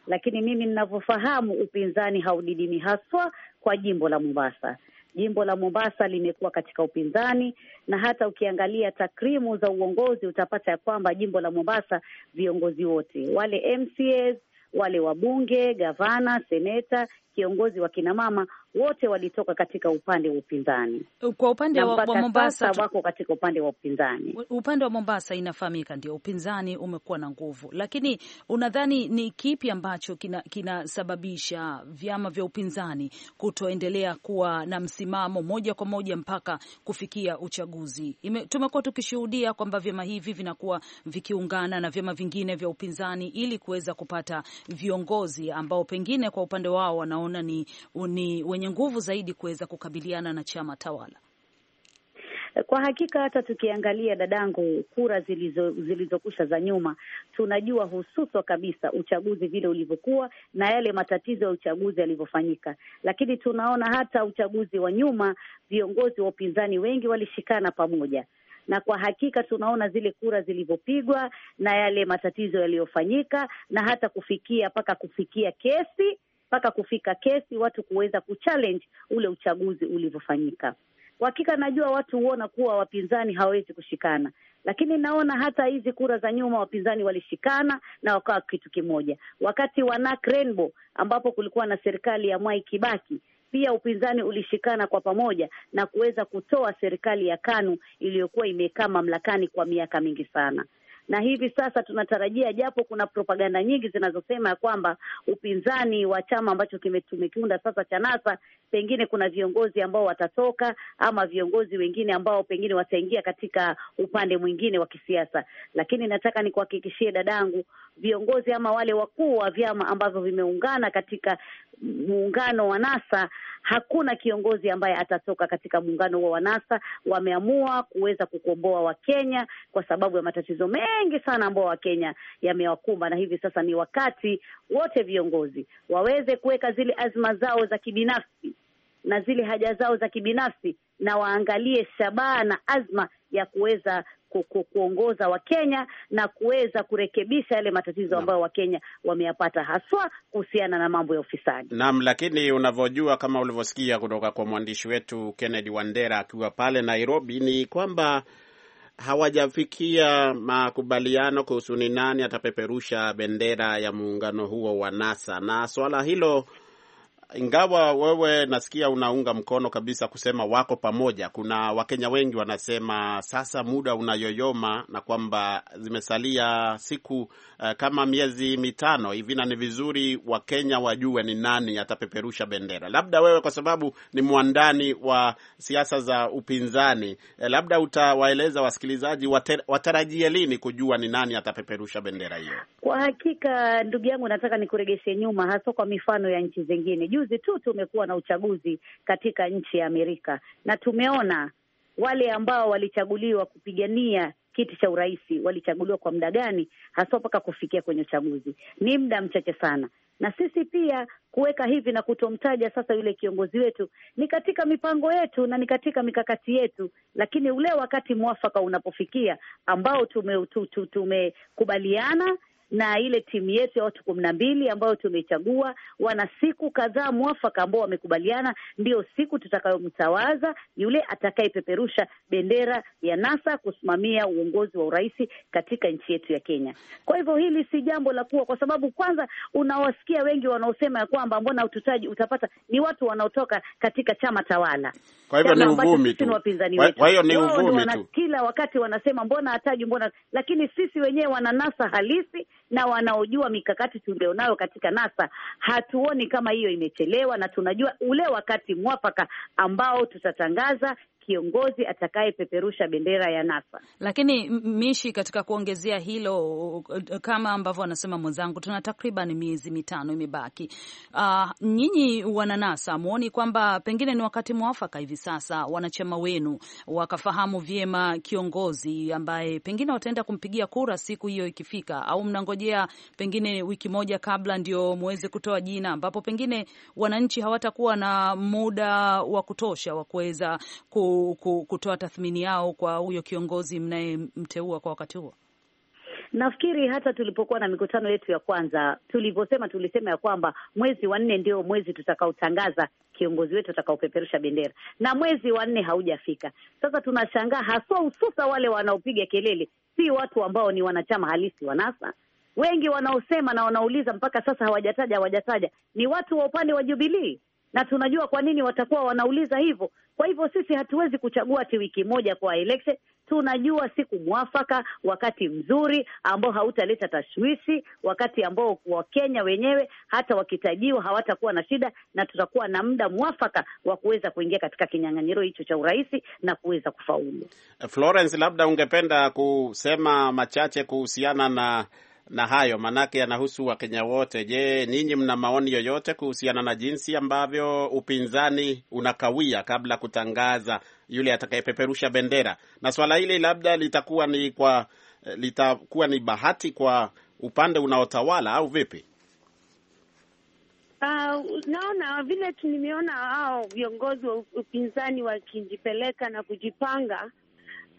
F: lakini mimi ninavyofahamu upinzani haudidimi, haswa kwa jimbo la Mombasa. Jimbo la Mombasa limekuwa katika upinzani, na hata ukiangalia takrimu za uongozi utapata ya kwamba jimbo la Mombasa viongozi wote wale MCAs wale wabunge, gavana, seneta, kiongozi wa kinamama wote walitoka katika upande wa upinzani.
B: Kwa upande wa, wa Mombasa tu...
F: wako katika upande wa upinzani.
B: Upande wa Mombasa inafahamika, ndio upinzani umekuwa na nguvu, lakini unadhani ni kipi ambacho kinasababisha kina vyama vya upinzani kutoendelea kuwa na msimamo moja kwa moja mpaka kufikia uchaguzi? Tumekuwa tukishuhudia kwamba vyama hivi vinakuwa vikiungana na vyama vingine vya upinzani ili kuweza kupata viongozi ambao pengine kwa upande wao wana unaona ni, ni wenye nguvu zaidi kuweza kukabiliana na chama tawala?
F: Kwa hakika hata tukiangalia dadangu, kura zilizokusha za nyuma, tunajua hususwa kabisa uchaguzi vile ulivyokuwa na yale matatizo ya uchaguzi yalivyofanyika. Lakini tunaona hata uchaguzi wa nyuma viongozi wa upinzani wengi walishikana pamoja, na kwa hakika tunaona zile kura zilivyopigwa na yale matatizo yaliyofanyika, na hata kufikia mpaka kufikia kesi mpaka kufika kesi watu kuweza kuchallenge ule uchaguzi ulivyofanyika. Kwa hakika najua watu huona kuwa wapinzani hawawezi kushikana, lakini naona hata hizi kura za nyuma wapinzani walishikana na wakawa kitu kimoja. Wakati wa NAC Rainbow ambapo kulikuwa na serikali ya Mwai Kibaki, pia upinzani ulishikana kwa pamoja na kuweza kutoa serikali ya KANU iliyokuwa imekaa mamlakani kwa miaka mingi sana na hivi sasa tunatarajia, japo kuna propaganda nyingi zinazosema ya kwamba upinzani wa chama ambacho kimetumekiunda sasa cha NASA pengine kuna viongozi ambao watatoka ama viongozi wengine ambao pengine wataingia katika upande mwingine wa kisiasa, lakini nataka nikuhakikishie dadangu, viongozi ama wale wakuu wa vyama ambavyo vimeungana katika muungano wa NASA, hakuna kiongozi ambaye atatoka katika muungano huo wa NASA. Wameamua kuweza kukomboa Wakenya kwa sababu ya matatizo mengi sana ambao Wakenya yamewakumba, na hivi sasa ni wakati wote viongozi waweze kuweka zile azma zao za kibinafsi na zile haja zao za kibinafsi, na waangalie shabaha na azma ya kuweza kuongoza Wakenya na kuweza kurekebisha yale matatizo ambayo Wakenya wameyapata haswa kuhusiana na mambo ya ufisadi.
A: Naam, lakini unavyojua kama ulivyosikia kutoka kwa mwandishi wetu Kennedy Wandera akiwa pale Nairobi ni kwamba hawajafikia makubaliano kuhusu ni nani atapeperusha bendera ya muungano huo wa NASA na swala hilo ingawa wewe nasikia unaunga mkono kabisa kusema wako pamoja, kuna Wakenya wengi wanasema sasa muda unayoyoma na kwamba zimesalia siku uh, kama miezi mitano hivi, na ni vizuri Wakenya wajue ni nani atapeperusha bendera. Labda wewe kwa sababu ni mwandani wa siasa za upinzani, eh, labda utawaeleza wasikilizaji watarajie lini kujua ni nani atapeperusha bendera hiyo.
F: Kwa hakika, ndugu yangu, nataka nikuregeshe nyuma, hasa kwa mifano ya nchi zingine juzi tu tumekuwa na uchaguzi katika nchi ya Amerika na tumeona wale ambao walichaguliwa kupigania kiti cha urais walichaguliwa kwa muda gani haswa mpaka kufikia kwenye uchaguzi. Ni muda mchache sana, na sisi pia kuweka hivi na kutomtaja sasa yule kiongozi wetu ni katika mipango yetu na ni katika mikakati yetu, lakini ule wakati mwafaka unapofikia ambao tumekubaliana tume, na ile timu yetu ya watu kumi na mbili ambayo tumeichagua, wana siku kadhaa mwafaka ambao wamekubaliana, ndio siku tutakayomtawaza yule atakayepeperusha bendera ya NASA kusimamia uongozi wa urais katika nchi yetu ya Kenya. Kwa hivyo hili si jambo la kuwa, kwa sababu kwanza unawasikia wengi wanaosema ya kwamba mbona ututaji utapata ni watu wanaotoka katika chama tawala. Kwa hivyo ni uvumi tu, wapinzani wetu. Kwa ni uvumi tu, kila wakati wanasema mbona hataji, mbona, lakini sisi wenyewe wana NASA halisi na wanaojua mikakati tulionayo katika NASA, hatuoni kama hiyo imechelewa, na tunajua ule wakati mwafaka ambao tutatangaza kiongozi atakayepeperusha bendera ya NASA.
B: Lakini Mishi, katika kuongezea hilo, kama ambavyo anasema mwenzangu, tuna takriban miezi mitano imebaki. Uh, nyinyi wananasa, mwoni kwamba pengine ni wakati mwafaka hivi sasa wanachama wenu wakafahamu vyema kiongozi ambaye pengine wataenda kumpigia kura siku hiyo ikifika, au mnangojea pengine wiki moja kabla ndio muweze kutoa jina, ambapo pengine wananchi hawatakuwa na muda wa kutosha wa kuweza ku ku, kutoa tathmini yao kwa huyo kiongozi mnayemteua kwa wakati huo?
F: Nafikiri hata tulipokuwa na mikutano yetu ya kwanza tulivyosema, tulisema ya kwamba mwezi wa nne ndio mwezi tutakaotangaza kiongozi wetu atakaopeperusha bendera, na mwezi wa nne haujafika. Sasa tunashangaa haswa, hususa wale wanaopiga kelele si watu ambao ni wanachama halisi wa NASA. Wengi wanaosema na wanauliza mpaka sasa hawajataja hawajataja, ni watu wa upande wa Jubilii na tunajua kwa nini watakuwa wanauliza hivyo. Kwa hivyo sisi hatuwezi kuchagua ati wiki moja kwa election. Tunajua siku mwafaka, wakati mzuri ambao hautaleta tashwishi, wakati ambao Wakenya wenyewe hata wakitajiwa hawatakuwa na shida, na tutakuwa na muda mwafaka wa kuweza kuingia katika kinyang'anyiro hicho cha urais na kuweza kufaulu.
A: Florence, labda ungependa kusema machache kuhusiana na na hayo maanake yanahusu Wakenya wote. Je, ninyi mna maoni yoyote kuhusiana na jinsi ambavyo upinzani unakawia kabla kutangaza yule atakayepeperusha bendera? Na swala hili labda litakuwa ni kwa litakuwa ni bahati kwa upande unaotawala au vipi?
E: Uh, naona vile nimeona hao viongozi wa upinzani wakijipeleka na kujipanga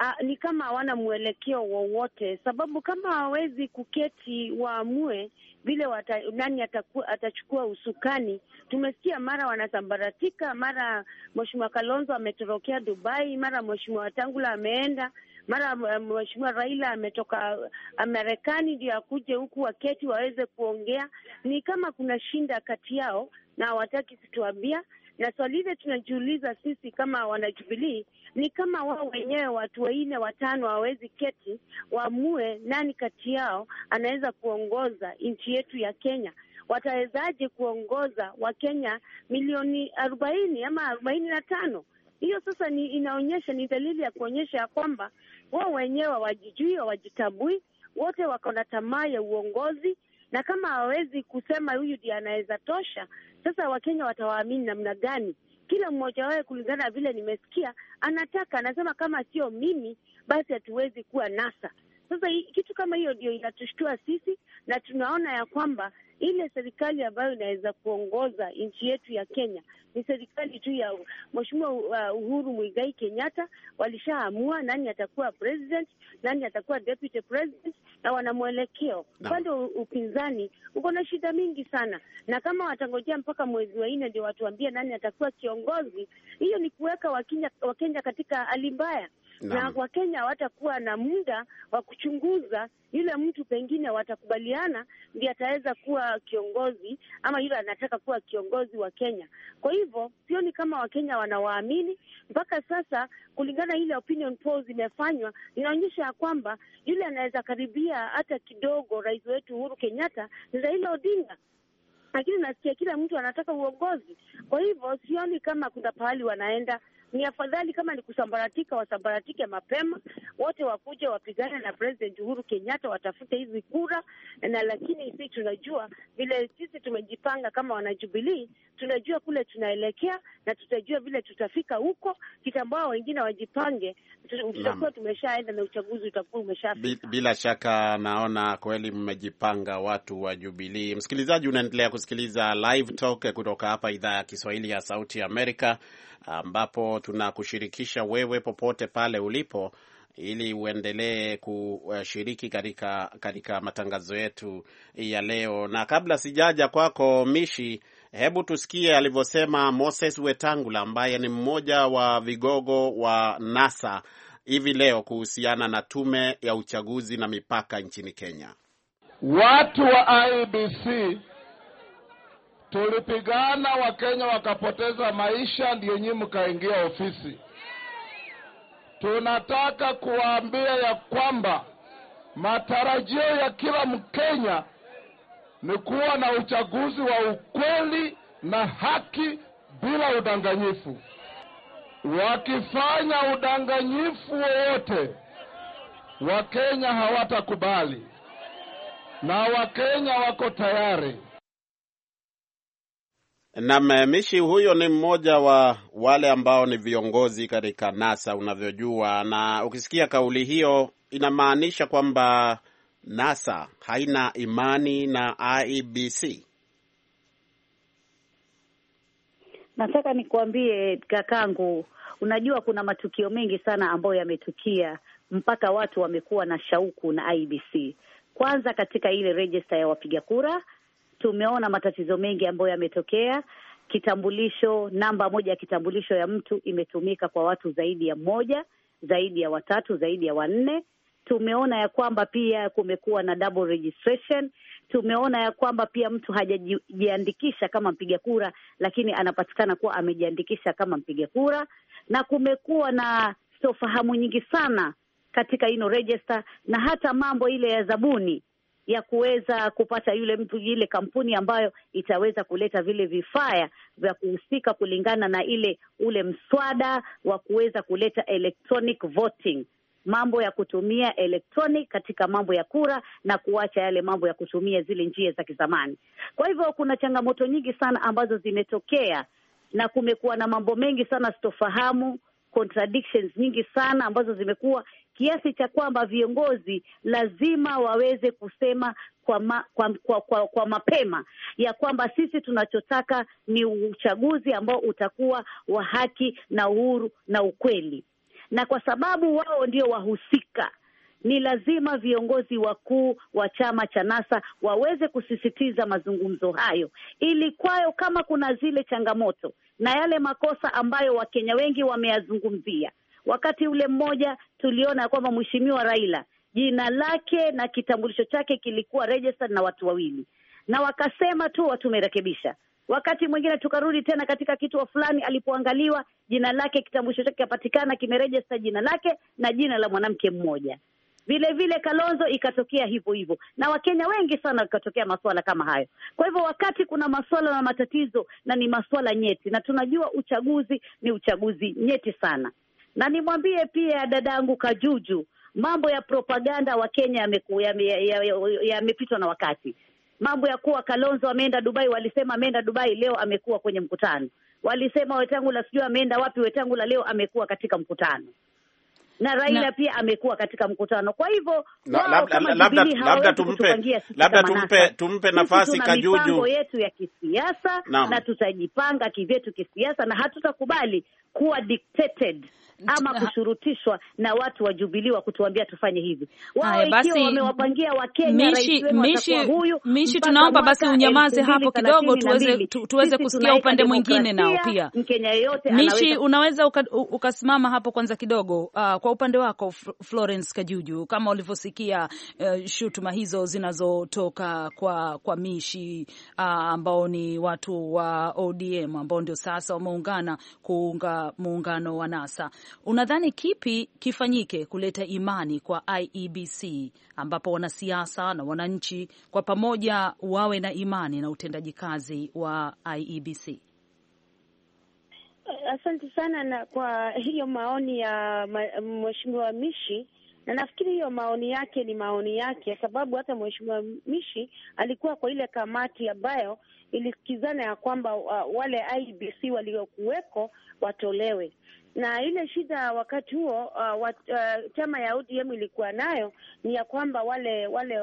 E: a, ah, ni kama hawana mwelekeo wowote, sababu kama hawawezi kuketi waamue vile wata, nani ataku, atachukua usukani. Tumesikia mara wanasambaratika, mara mheshimiwa Kalonzo ametorokea Dubai, mara mheshimiwa Watangula ameenda mara mheshimiwa Raila ametoka Marekani ndio akuje huku waketi waweze kuongea. Ni kama kuna shinda kati yao na hawataki kutuambia na swali hili tunajiuliza sisi kama wanajubilii, ni kama wao wenyewe watu wanne watano hawawezi keti waamue nani kati yao anaweza kuongoza nchi yetu ya Kenya, watawezaje kuongoza Wakenya milioni arobaini ama arobaini na tano? Hiyo sasa ni inaonyesha ni dalili ya kuonyesha ya kwamba wao wenyewe hawajijui, hawajitambui, wote wako na tamaa ya uongozi, na kama hawawezi kusema huyu ndiye anaweza tosha, sasa Wakenya watawaamini namna gani? Kila mmoja wao kulingana na vile nimesikia, anataka anasema, kama sio mimi basi hatuwezi kuwa NASA. Sasa kitu kama hiyo ndio inatushtua sisi, na tunaona ya kwamba ile serikali ambayo inaweza kuongoza nchi yetu ya Kenya ni serikali tu ya Mheshimiwa uh, Uhuru Muigai Kenyatta. Walishaamua nani atakuwa president, nani atakuwa deputy president, na wana mwelekeo. Upande upinzani uko na shida mingi sana, na kama watangojea mpaka mwezi wa nne ndio watuambie nani atakuwa kiongozi, hiyo ni kuweka Wakenya katika hali mbaya na Wakenya watakuwa na muda wa kuchunguza yule mtu, pengine watakubaliana ndiye ataweza kuwa kiongozi ama yule anataka kuwa kiongozi wa Kenya. Kwa hivyo sioni kama Wakenya wanawaamini mpaka sasa, kulingana ile opinion polls imefanywa inaonyesha ya kwamba yule anaweza karibia hata kidogo rais wetu Uhuru Kenyatta ni Raila Odinga lakini nasikia kila mtu anataka uongozi. Kwa hivyo sioni kama kuna pahali wanaenda, ni afadhali kama ni kusambaratika, wasambaratike mapema, wote wakuje wapigane na President Uhuru Kenyatta, watafute hizi kura. Na lakini si tunajua vile sisi tumejipanga kama wanajubilii, tunajua kule tunaelekea na tutajua vile tutafika huko kitambao, wengine wajipange, tutakuwa tumeshaenda na uchaguzi utakuwa umeshafika.
A: Bila shaka naona kweli mmejipanga watu wa Jubilii. Msikilizaji, unaendelea kusikiliza Live Talk kutoka hapa idhaa ya Kiswahili ya Sauti ya Amerika ambapo tunakushirikisha wewe popote pale ulipo ili uendelee kushiriki katika katika matangazo yetu ya leo. Na kabla sijaja kwako Mishi, hebu tusikie alivyosema Moses Wetangula ambaye ni mmoja wa vigogo wa NASA hivi leo kuhusiana na tume ya uchaguzi na mipaka nchini Kenya.
C: Watu wa IBC tulipigana, Wakenya wakapoteza maisha, ndiyo nyinyi mkaingia ofisi. Tunataka kuwaambia ya kwamba matarajio ya kila Mkenya ni kuwa na uchaguzi wa ukweli na haki bila udanganyifu. Wakifanya udanganyifu wowote, Wakenya hawatakubali na Wakenya wako tayari.
A: Nam Mishi huyo ni mmoja wa wale ambao ni viongozi katika NASA unavyojua, na ukisikia kauli hiyo inamaanisha kwamba NASA haina imani na IEBC.
F: Nataka nikuambie kakangu, unajua kuna matukio mengi sana ambayo yametukia mpaka watu wamekuwa na shauku na IEBC. Kwanza katika ile rejista ya wapiga kura tumeona matatizo mengi ambayo yametokea. Kitambulisho, namba moja ya kitambulisho ya mtu imetumika kwa watu zaidi ya mmoja, zaidi ya watatu, zaidi ya wanne. Tumeona ya kwamba pia kumekuwa na double registration. Tumeona ya kwamba pia mtu hajajiandikisha kama mpiga kura, lakini anapatikana kuwa amejiandikisha kama mpiga kura, na kumekuwa na tofahamu nyingi sana katika ino register na hata mambo ile ya zabuni ya kuweza kupata yule mtu, ile kampuni ambayo itaweza kuleta vile vifaa vya kuhusika kulingana na ile ule mswada wa kuweza kuleta electronic voting mambo ya kutumia electronic katika mambo ya kura na kuacha yale mambo ya kutumia zile njia za kizamani. Kwa hivyo kuna changamoto nyingi sana ambazo zimetokea, na kumekuwa na mambo mengi sana sitofahamu, contradictions nyingi sana ambazo zimekuwa kiasi cha kwamba viongozi lazima waweze kusema kwa, ma, kwa, kwa, kwa, kwa mapema ya kwamba sisi tunachotaka ni uchaguzi ambao utakuwa wa haki na uhuru na ukweli, na kwa sababu wao ndio wahusika ni lazima viongozi wakuu wa chama cha NASA waweze kusisitiza mazungumzo hayo, ili kwayo, kama kuna zile changamoto na yale makosa ambayo Wakenya wengi wameyazungumzia, Wakati ule mmoja tuliona kwamba mheshimiwa Raila jina lake na kitambulisho chake kilikuwa registered na watu wawili, na wakasema tu tumerekebisha. Wakati mwingine tukarudi tena katika kituo fulani, alipoangaliwa jina lake, kitambulisho chake kapatikana kimerejista jina lake na jina la mwanamke mmoja. Vile vile Kalonzo ikatokea hivyo hivyo, na Wakenya wengi sana ikatokea masuala kama hayo. Kwa hivyo wakati kuna masuala na matatizo, na ni masuala nyeti, na tunajua uchaguzi ni uchaguzi nyeti sana, na nimwambie pia dadangu Kajuju, mambo ya propaganda wa Kenya yamepitwa ya, ya, ya na wakati. Mambo ya kuwa Kalonzo ameenda Dubai, walisema ameenda Dubai, leo amekuwa kwenye mkutano. Walisema Wetangula sijui ameenda wapi, Wetangula leo amekuwa katika mkutano na Raila na, pia amekuwa katika mkutano. Kwa hivyo labda tumpe labda tumpe tumpe nafasi Kajuju. Mipango yetu ya kisiasa na, na tutajipanga kivyetu kisiasa na hatutakubali kuwa dictated ama kushurutishwa na watu wa Jubilee wa kutuambia tufanye hivi. Wao ikiwa wamewapangia Wakenya rais huyu Mishi, tunaomba basi unyamaze hapo kidogo tuweze tu, tuweze kusikia upande mwingine nao pia. Mkenya yote Mishi,
B: unaweza uka, ukasimama hapo kwanza kidogo. Uh, kwa upande wako Florence Kajuju, kama ulivyosikia uh, shutuma hizo zinazotoka kwa kwa Mishi uh, ambao ni watu wa ODM ambao ndio sasa wameungana kuunga muungano wa NASA. Unadhani kipi kifanyike kuleta imani kwa IEBC ambapo wanasiasa na wananchi kwa pamoja wawe na imani na utendaji kazi wa IEBC?
E: Eh, asante sana na kwa hiyo maoni ya Mheshimiwa Mishi na nafikiri hiyo maoni yake ni maoni yake, sababu hata Mheshimiwa Mishi alikuwa kwa ile kamati ambayo ilisikizana ya kwamba wale IBC e waliokuweko watolewe na ile shida wakati huo uh, wat, uh, chama ya ODM ilikuwa nayo ni ya kwamba wale wale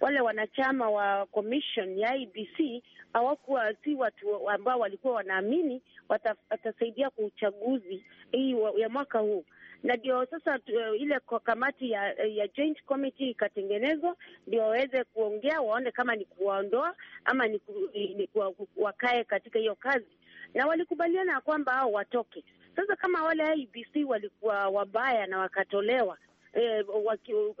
E: wale wanachama wa commission ya IBC hawakuwa si watu ambao walikuwa wanaamini wata, watasaidia kwa uchaguzi hii ya mwaka huu na ndio sasa uh, ile kwa kamati ya, ya joint committee ikatengenezwa ndio waweze kuongea waone kama ni kuwaondoa ama ni, ku, ni ku, wakae katika hiyo kazi, na walikubaliana ya kwamba hao watoke sasa kama wale IBC walikuwa wabaya na wakatolewa, e, waki, uh,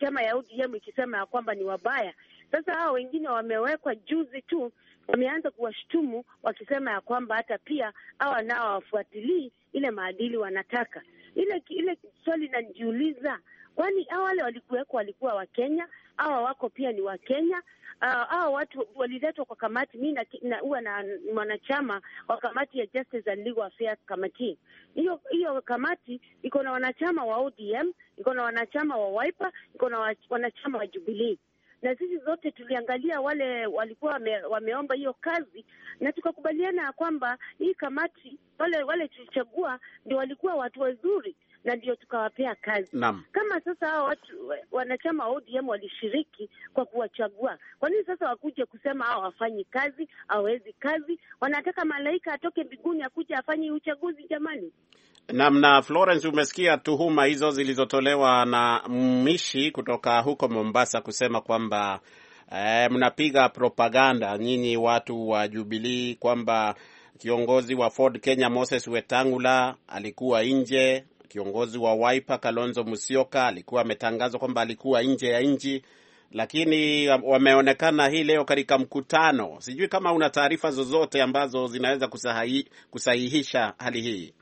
E: chama ya ODM ikisema ya kwamba ni wabaya. Sasa hao wengine wamewekwa juzi tu, wameanza kuwashutumu wakisema ya kwamba hata pia hawa nao hawafuatilii ile maadili wanataka. Ile ile swali linajiuliza, kwani hao wale walikuwekwa walikuwa Wakenya hawa wako pia ni Wakenya. Ah, hawa uh, watu waliletwa kwa kamati, mi huwa na mwanachama wa kamati ya Justice and Legal Affairs Committee. Hiyo hiyo kamati iko na wanachama wa ODM, iko na wanachama wa Wiper, iko na wanachama wa Jubilee na sisi zote tuliangalia wale walikuwa wame, wameomba hiyo kazi na tukakubaliana ya kwamba hii kamati wale wale tulichagua ndio walikuwa watu wazuri, na ndio tukawapea kazi Nam. Kama sasa hao watu wanachama wa ODM walishiriki kwa kuwachagua, kwa nini sasa wakuje kusema hao hawafanyi kazi, hawawezi kazi? Wanataka malaika atoke mbinguni akuje afanye uchaguzi jamani?
A: Naam. Na Florence, umesikia tuhuma hizo zilizotolewa na Mishi kutoka huko Mombasa kusema kwamba eh, mnapiga propaganda nyinyi watu wa Jubilee kwamba kiongozi wa Ford Kenya Moses Wetangula alikuwa nje Kiongozi wa Wiper Kalonzo Musyoka alikuwa ametangazwa kwamba alikuwa nje ya nchi, lakini wameonekana hii leo katika mkutano. Sijui kama una taarifa zozote ambazo zinaweza kusahi, kusahihisha hali hii.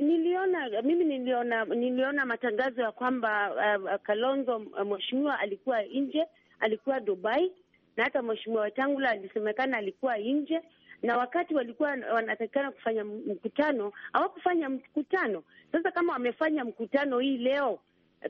E: Niliona mimi niliona niliona matangazo ya kwamba uh, Kalonzo eh, mheshimiwa alikuwa nje, alikuwa Dubai, na hata mheshimiwa Wetangula alisemekana alikuwa nje na wakati walikuwa wanatakikana kufanya mkutano hawakufanya mkutano. Sasa kama wamefanya mkutano hii leo,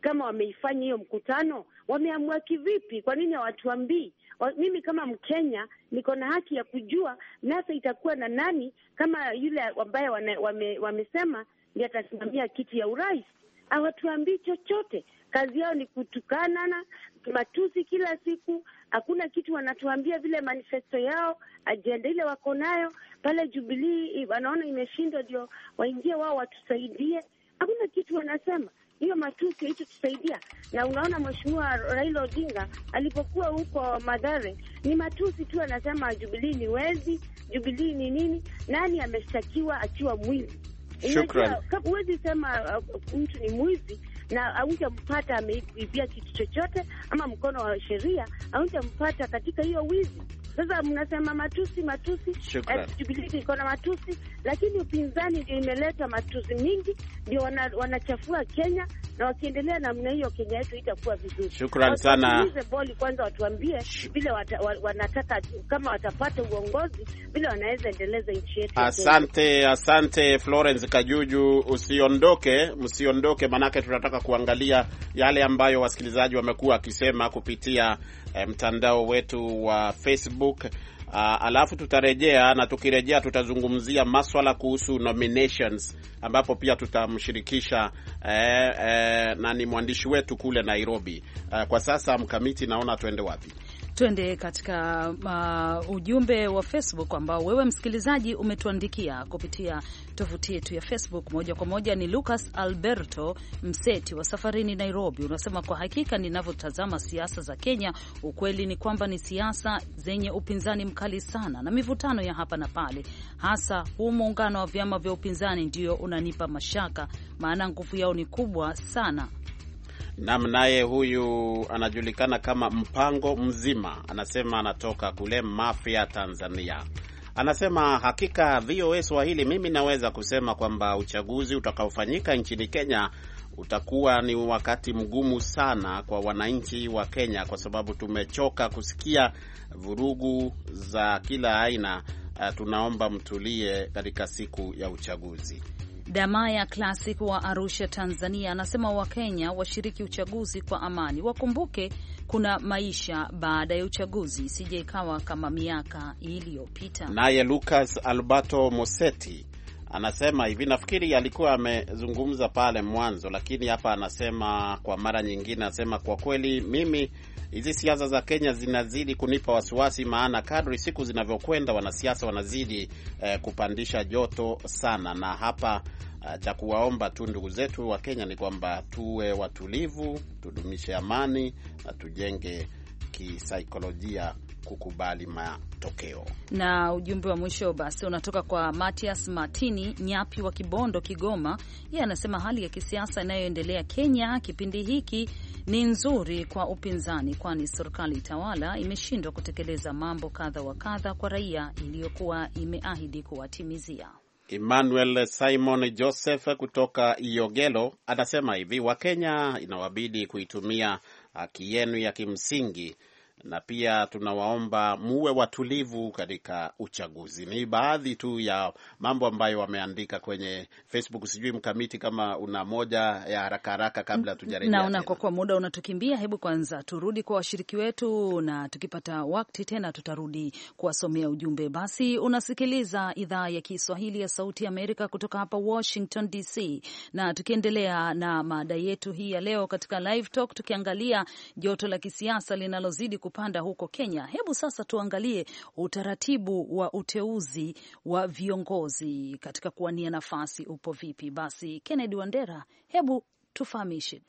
E: kama wameifanya hiyo mkutano, wameamua kivipi? Kwa nini hawatuambii? Mimi kama Mkenya niko na haki ya kujua NASA itakuwa na nani kama yule ambaye wame, wamesema ndiye atasimamia kiti ya urais. Hawatuambii chochote. Kazi yao ni kutukanana, matusi kila siku, hakuna kitu wanatuambia, vile manifesto yao, ajenda ile wako nayo pale Jubilii wanaona imeshindwa, ndio waingie wao watusaidie. Hakuna kitu wanasema, hiyo matusi haitusaidia. Na unaona Mheshimiwa Raila Odinga alipokuwa huko Madhare, ni matusi tu, anasema Jubilii ni wezi, Jubilii ni nini. Nani ameshtakiwa akiwa mwizi? Huwezi sema uh, mtu ni mwizi na mpata ameiibia kitu chochote, ama mkono wa sheria mpata katika hiyo wizi. Sasa mnasema matusi, matusi. Eh, Jubilee iko na matusi, lakini upinzani ndio imeleta matusi mingi, ndio wanachafua wana Kenya na wakiendelea namna hiyo Kenya yetu itakuwa vizuri. Shukrani sana. boli kwanza, watuambie vile wata, wa, wanataka kama watapata uongozi vile wanaweza endeleza nchi yetu. Asante,
A: asante Florence Kajuju, usiondoke, msiondoke, manake tunataka kuangalia yale ambayo wasikilizaji wamekuwa wakisema kupitia eh, mtandao wetu wa Facebook Facebook. Uh, alafu tutarejea na tukirejea, tutazungumzia maswala kuhusu nominations ambapo pia tutamshirikisha eh, eh, na ni mwandishi wetu kule Nairobi. Uh, kwa sasa mkamiti, naona tuende wapi?
B: tuende katika uh, ujumbe wa Facebook ambao wewe msikilizaji umetuandikia kupitia tovuti yetu ya Facebook moja kwa moja. Ni Lucas Alberto Mseti wa Safarini, Nairobi. Unasema, kwa hakika ninavyotazama siasa za Kenya, ukweli ni kwamba ni siasa zenye upinzani mkali sana na mivutano ya hapa na pale, hasa huu muungano wa vyama vya upinzani ndio unanipa mashaka, maana nguvu yao ni kubwa sana
A: Nam naye huyu anajulikana kama Mpango Mzima, anasema anatoka kule Mafia, Tanzania. Anasema hakika VOA Swahili, mimi naweza kusema kwamba uchaguzi utakaofanyika nchini Kenya utakuwa ni wakati mgumu sana kwa wananchi wa Kenya, kwa sababu tumechoka kusikia vurugu za kila aina. Eh, tunaomba mtulie katika siku ya uchaguzi.
B: Damaya Classic wa Arusha, Tanzania, anasema Wakenya washiriki uchaguzi kwa amani, wakumbuke kuna maisha baada ya uchaguzi, isije ikawa kama miaka iliyopita. Naye
A: Lucas Alberto Moseti anasema hivi, nafikiri alikuwa amezungumza pale mwanzo, lakini hapa anasema kwa mara nyingine, anasema kwa kweli mimi Hizi siasa za Kenya zinazidi kunipa wasiwasi, maana kadri siku zinavyokwenda wanasiasa wanazidi eh, kupandisha joto sana, na hapa eh, cha kuwaomba tu ndugu zetu wa Kenya ni kwamba tuwe watulivu, tudumishe amani na tujenge kisaikolojia kukubali matokeo.
B: Na ujumbe wa mwisho basi unatoka kwa Matias Martini Nyapi wa Kibondo, Kigoma. Yeye anasema hali ya kisiasa inayoendelea Kenya kipindi hiki ni nzuri kwa upinzani, kwani serikali tawala imeshindwa kutekeleza mambo kadha wa kadha kwa raia iliyokuwa imeahidi kuwatimizia.
A: Emmanuel Simon Joseph kutoka Iogelo anasema hivi, Wakenya inawabidi kuitumia haki yenu ya kimsingi na pia tunawaomba muwe watulivu katika uchaguzi. Ni baadhi tu ya mambo ambayo wameandika kwenye Facebook. Sijui mkamiti kama una moja ya haraka haraka kabla tujarejea. Naona kwa
B: kuwa muda unatukimbia, hebu kwanza turudi kwa washiriki wetu, na tukipata wakati tena tutarudi kuwasomea ujumbe. Basi unasikiliza idhaa ya Kiswahili ya Sauti Amerika kutoka hapa Washington DC, na tukiendelea na mada yetu hii ya leo katika Live Talk, tukiangalia joto la kisiasa linalozidi kupanda huko Kenya. Hebu sasa tuangalie utaratibu wa uteuzi wa viongozi katika kuwania nafasi upo vipi? Basi Kennedy Wandera, hebu tufahamishe.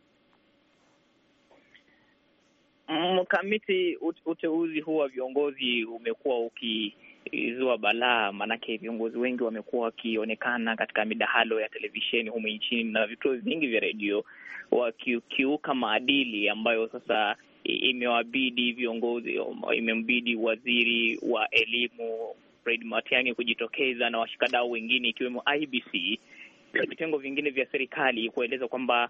G: Mm, Mkamiti, uteuzi huu wa viongozi umekuwa ukizua balaa, maanake viongozi wengi wamekuwa wakionekana katika midahalo ya televisheni humu nchini na vituo vingi vya redio wakikiuka maadili ambayo sasa imewabidi viongozi, imembidi waziri wa elimu Fred Matiang'i kujitokeza na washikadau wengine ikiwemo IBC na vitengo vingine vya serikali kueleza kwamba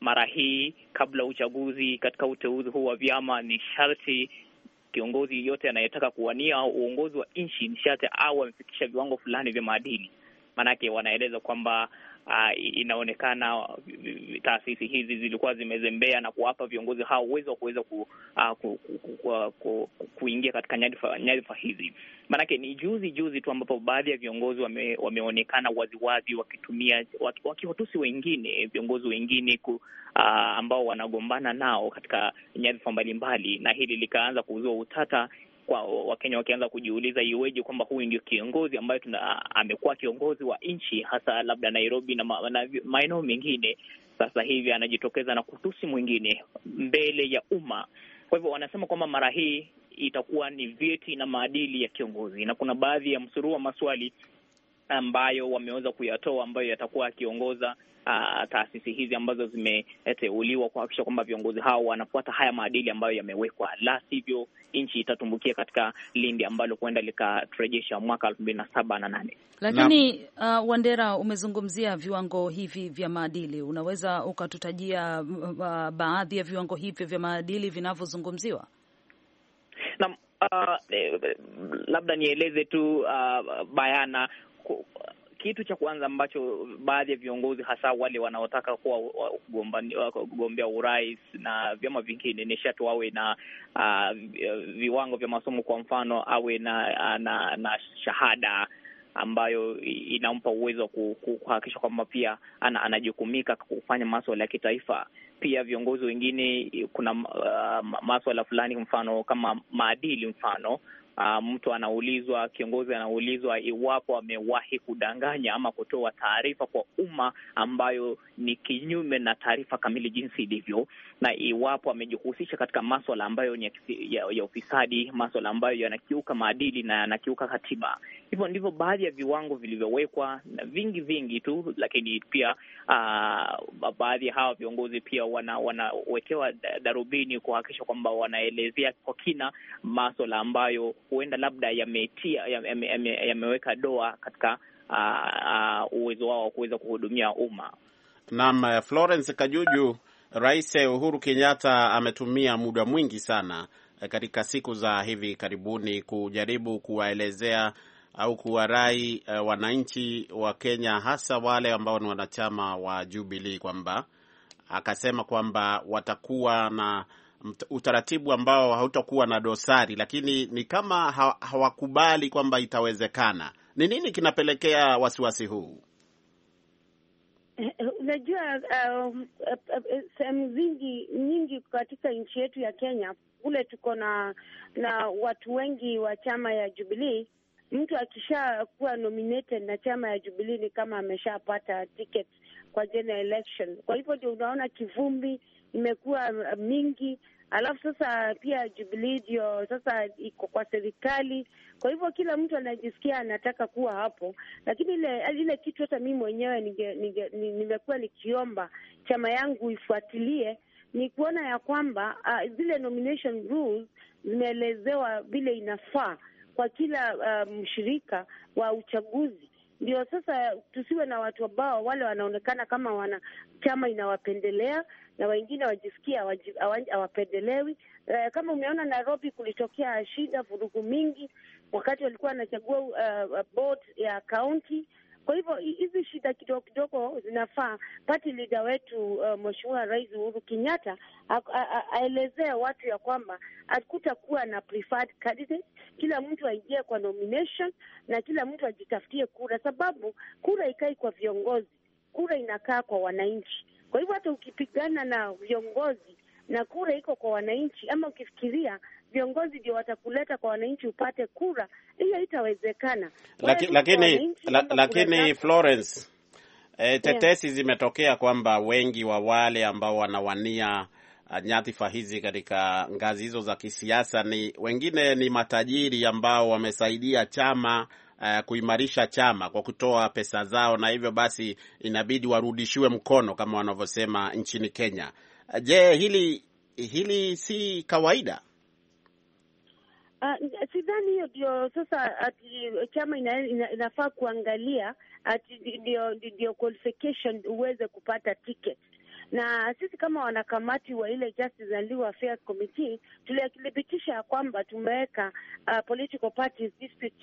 G: mara hii kabla uchaguzi, katika uteuzi huu wa vyama, ni sharti kiongozi yeyote anayetaka kuwania uongozi wa nchi ni sharti au amefikisha viwango fulani vya maadili. Maanake wanaeleza kwamba uh, inaonekana taasisi hizi zilikuwa zimezembea na kuwapa viongozi hao uwezo wa kuweza ku, uh, ah, ku, ku, ku, ku, ku, ku, kuingia katika nyadhifa, nyadhifa hizi. Maanake ni juzi juzi tu ambapo baadhi ya viongozi wame, wameonekana waziwazi wakitumia wakiwatusi wengine viongozi wengine ku, uh, ambao wanagombana nao katika nyadhifa mbalimbali, na hili likaanza kuzua utata kwa Wakenya wakianza kujiuliza iweje kwamba huyu ndio kiongozi ambaye tuna, amekuwa kiongozi wa nchi hasa labda Nairobi na, ma, na maeneo mengine, sasa hivi anajitokeza na kutusi mwingine mbele ya umma. Kwa hivyo wanasema kwamba mara hii itakuwa ni vyeti na maadili ya kiongozi, na kuna baadhi ya msururu wa maswali ambayo wameweza kuyatoa ambayo yatakuwa akiongoza Uh, taasisi hizi ambazo zimeteuliwa kuhakikisha kwamba viongozi hao wanafuata haya maadili ambayo yamewekwa, la sivyo nchi itatumbukia katika lindi ambalo huenda likarejesha mwaka elfu mbili na saba na nane.
B: Lakini uh, Wandera, umezungumzia viwango hivi vya maadili, unaweza ukatutajia uh, baadhi ya viwango hivyo vya maadili vinavyozungumziwa?
G: na uh, eh, labda nieleze tu uh, bayana kitu cha kwanza ambacho baadhi ya viongozi hasa wale wanaotaka kuwa uh, kugombea urais na vyama vingine ni shatu awe na uh, uh, viwango vya masomo, kwa mfano awe na, uh, na, na shahada ambayo inampa uwezo wa kuhakikisha kwamba pia ana, anajukumika kufanya maswala ya kitaifa. Pia viongozi wengine kuna uh, maswala fulani, mfano kama maadili, mfano Uh, mtu anaulizwa, kiongozi anaulizwa iwapo amewahi kudanganya ama kutoa taarifa kwa umma ambayo ni kinyume na taarifa kamili jinsi ilivyo, na iwapo amejihusisha katika maswala ambayo ni ya, ya, ya ufisadi, maswala ambayo yanakiuka maadili na yanakiuka katiba. Hivyo ndivyo baadhi ya viwango vilivyowekwa na vingi vingi tu, lakini pia uh, baadhi ya hawa viongozi pia wanawekewa wana darubini kuhakikisha kwamba wanaelezea kwa kina maswala ambayo huenda labda yametia yame, yame, doa katika
A: uh, uh, uwezo wao wa kuweza kuhudumia umma. Naam, eh, Florence Kajuju, Rais eh, Uhuru Kenyatta ametumia muda mwingi sana eh, katika siku za hivi karibuni kujaribu kuwaelezea au kuwarai uh, wananchi wa Kenya hasa wale ambao ni wanachama wa Jubilee kwamba akasema kwamba watakuwa na utaratibu ambao hautakuwa na dosari, lakini ni kama hawakubali kwamba itawezekana. Ni nini kinapelekea wasiwasi wasi huu?
E: Eh, eh, unajua, uh, sehemu zingi nyingi katika nchi yetu ya Kenya kule tuko na na watu wengi wa chama ya Jubilee mtu akishakuwa nominated na chama ya Jubilee ni kama ameshapata ticket kwa general election. Kwa hivyo ndio unaona kivumbi imekuwa mingi, alafu sasa pia Jubilee ndio sasa iko kwa serikali. Kwa hivyo kila mtu anajisikia anataka kuwa hapo, lakini ile ile kitu hata mimi mwenyewe nimekuwa nikiomba chama yangu ifuatilie ni kuona ya kwamba uh, zile nomination rules zimeelezewa vile inafaa kwa kila um, mshirika um, wa uchaguzi ndio sasa tusiwe na watu ambao wale wanaonekana kama wana chama inawapendelea na wengine wajisikia hawapendelewi. Uh, kama umeona Nairobi kulitokea shida, vurugu mingi wakati walikuwa wanachagua uh, board ya kaunti kwa hivyo hizi shida kidogo kidogo zinafaa pati lida wetu uh, Mheshimiwa Rais Uhuru Kenyatta aelezee watu ya kwamba hakutakuwa na preferred candidate, kila mtu aingie kwa nomination na kila mtu ajitafutie kura, sababu kura ikai kwa viongozi, kura inakaa kwa wananchi. Kwa hivyo hata ukipigana na viongozi na kura iko kwa wananchi, ama ukifikiria viongozi ndio watakuleta kwa wananchi upate kura, hiyo itawezekana. lakini la, lakini Florence
A: e, eh, tetesi yeah, zimetokea kwamba wengi wa wale ambao wanawania uh, nyadhifa hizi katika ngazi hizo za kisiasa ni wengine ni matajiri ambao wamesaidia chama Uh, kuimarisha chama kwa kutoa pesa zao na hivyo basi inabidi warudishiwe mkono kama wanavyosema nchini Kenya. Uh, je, hili hili si kawaida?
E: Uh, sidhani hiyo ndio sasa ati chama ina, ina, inafaa kuangalia ati ndio ndio qualification uweze kupata ticket na sisi kama wanakamati wa ile Justice and Legal Affairs Committee tulithibitisha ya kwamba tumeweka uh, political parties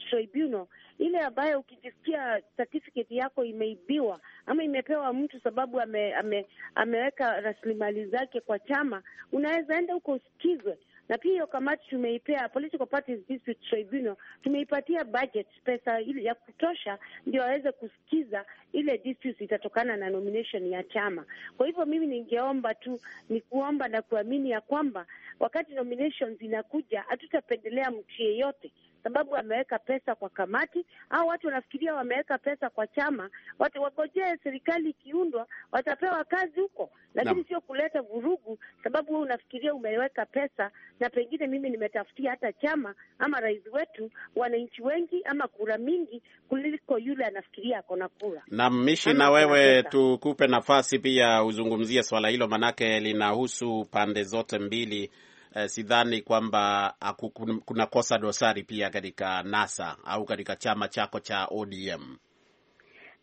E: tribunal ile ambayo ukijisikia certificate yako imeibiwa ama imepewa mtu sababu ame, ame, ameweka rasilimali zake kwa chama, unaweza enda huko usikizwe na pia hiyo kamati tumeipea Political Parties Dispute Tribunal, tumeipatia budget pesa ili ya kutosha, ndio waweze kusikiza ile dispute itatokana na nomination ya chama. Kwa hivyo mimi ningeomba tu ni kuomba na kuamini ya kwamba wakati nominations inakuja, hatutapendelea mtu yeyote, sababu wameweka pesa kwa kamati, au watu wanafikiria wameweka pesa kwa chama. Watu wagojee serikali ikiundwa, watapewa kazi huko, lakini sio kuleta vurugu, sababu wewe unafikiria umeweka pesa, na pengine mimi nimetafutia hata chama ama rais wetu wananchi wengi ama kura mingi kuliko yule anafikiria ako na kura.
A: Na Mishi, na wewe tukupe nafasi pia uzungumzie swala hilo, manake linahusu pande zote mbili eh, sidhani kwamba ah, kuna kosa dosari pia katika NASA au katika chama chako cha ODM.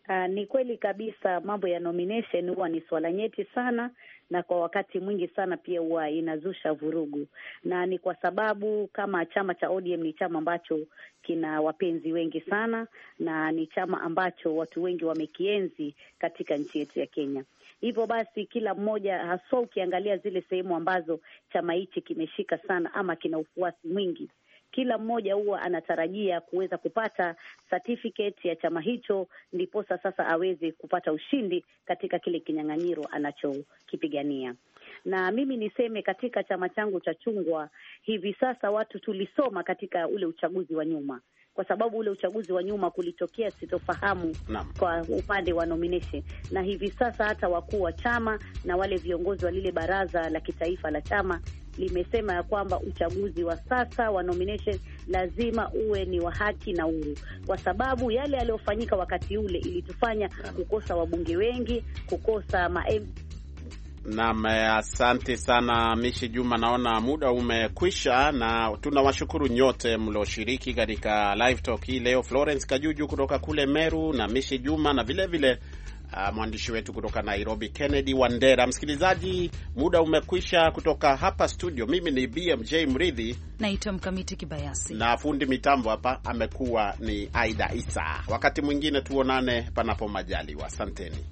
F: Uh, ah, ni kweli kabisa, mambo ya nomination huwa ni swala nyeti sana, na kwa wakati mwingi sana pia huwa inazusha vurugu, na ni kwa sababu kama chama cha ODM ni chama ambacho kina wapenzi wengi sana, na ni chama ambacho watu wengi wamekienzi katika nchi yetu ya Kenya. Hivyo basi kila mmoja, haswa ukiangalia zile sehemu ambazo chama hichi kimeshika sana ama kina ufuasi mwingi kila mmoja huwa anatarajia kuweza kupata certificate ya chama hicho, ndiposa sasa aweze kupata ushindi katika kile kinyang'anyiro anachokipigania. Na mimi niseme katika chama changu cha chungwa, hivi sasa watu tulisoma katika ule uchaguzi wa nyuma, kwa sababu ule uchaguzi wa nyuma kulitokea sitofahamu kwa upande wa nomination, na hivi sasa hata wakuu wa chama na wale viongozi wa lile baraza la kitaifa la chama limesema ya kwamba uchaguzi wa sasa wa nomination lazima uwe ni wa haki na uhuru, kwa sababu yale yaliyofanyika wakati ule ilitufanya kukosa wabunge wengi, kukosa ma
A: Nam, eh, asante sana Mishi Juma. Naona muda umekwisha, na tunawashukuru nyote mlioshiriki katika live talk hii leo, Florence Kajuju kutoka kule Meru na Mishi Juma na vilevile vile, uh, mwandishi wetu kutoka Nairobi Kennedy Wandera. Msikilizaji, muda umekwisha. Kutoka hapa studio, mimi ni BMJ Mridhi,
B: naitwa Mkamiti
A: Kibayasi, na fundi mitambo hapa amekuwa ni Aida Isa. Wakati mwingine tuonane, panapo majaliwa. Asanteni.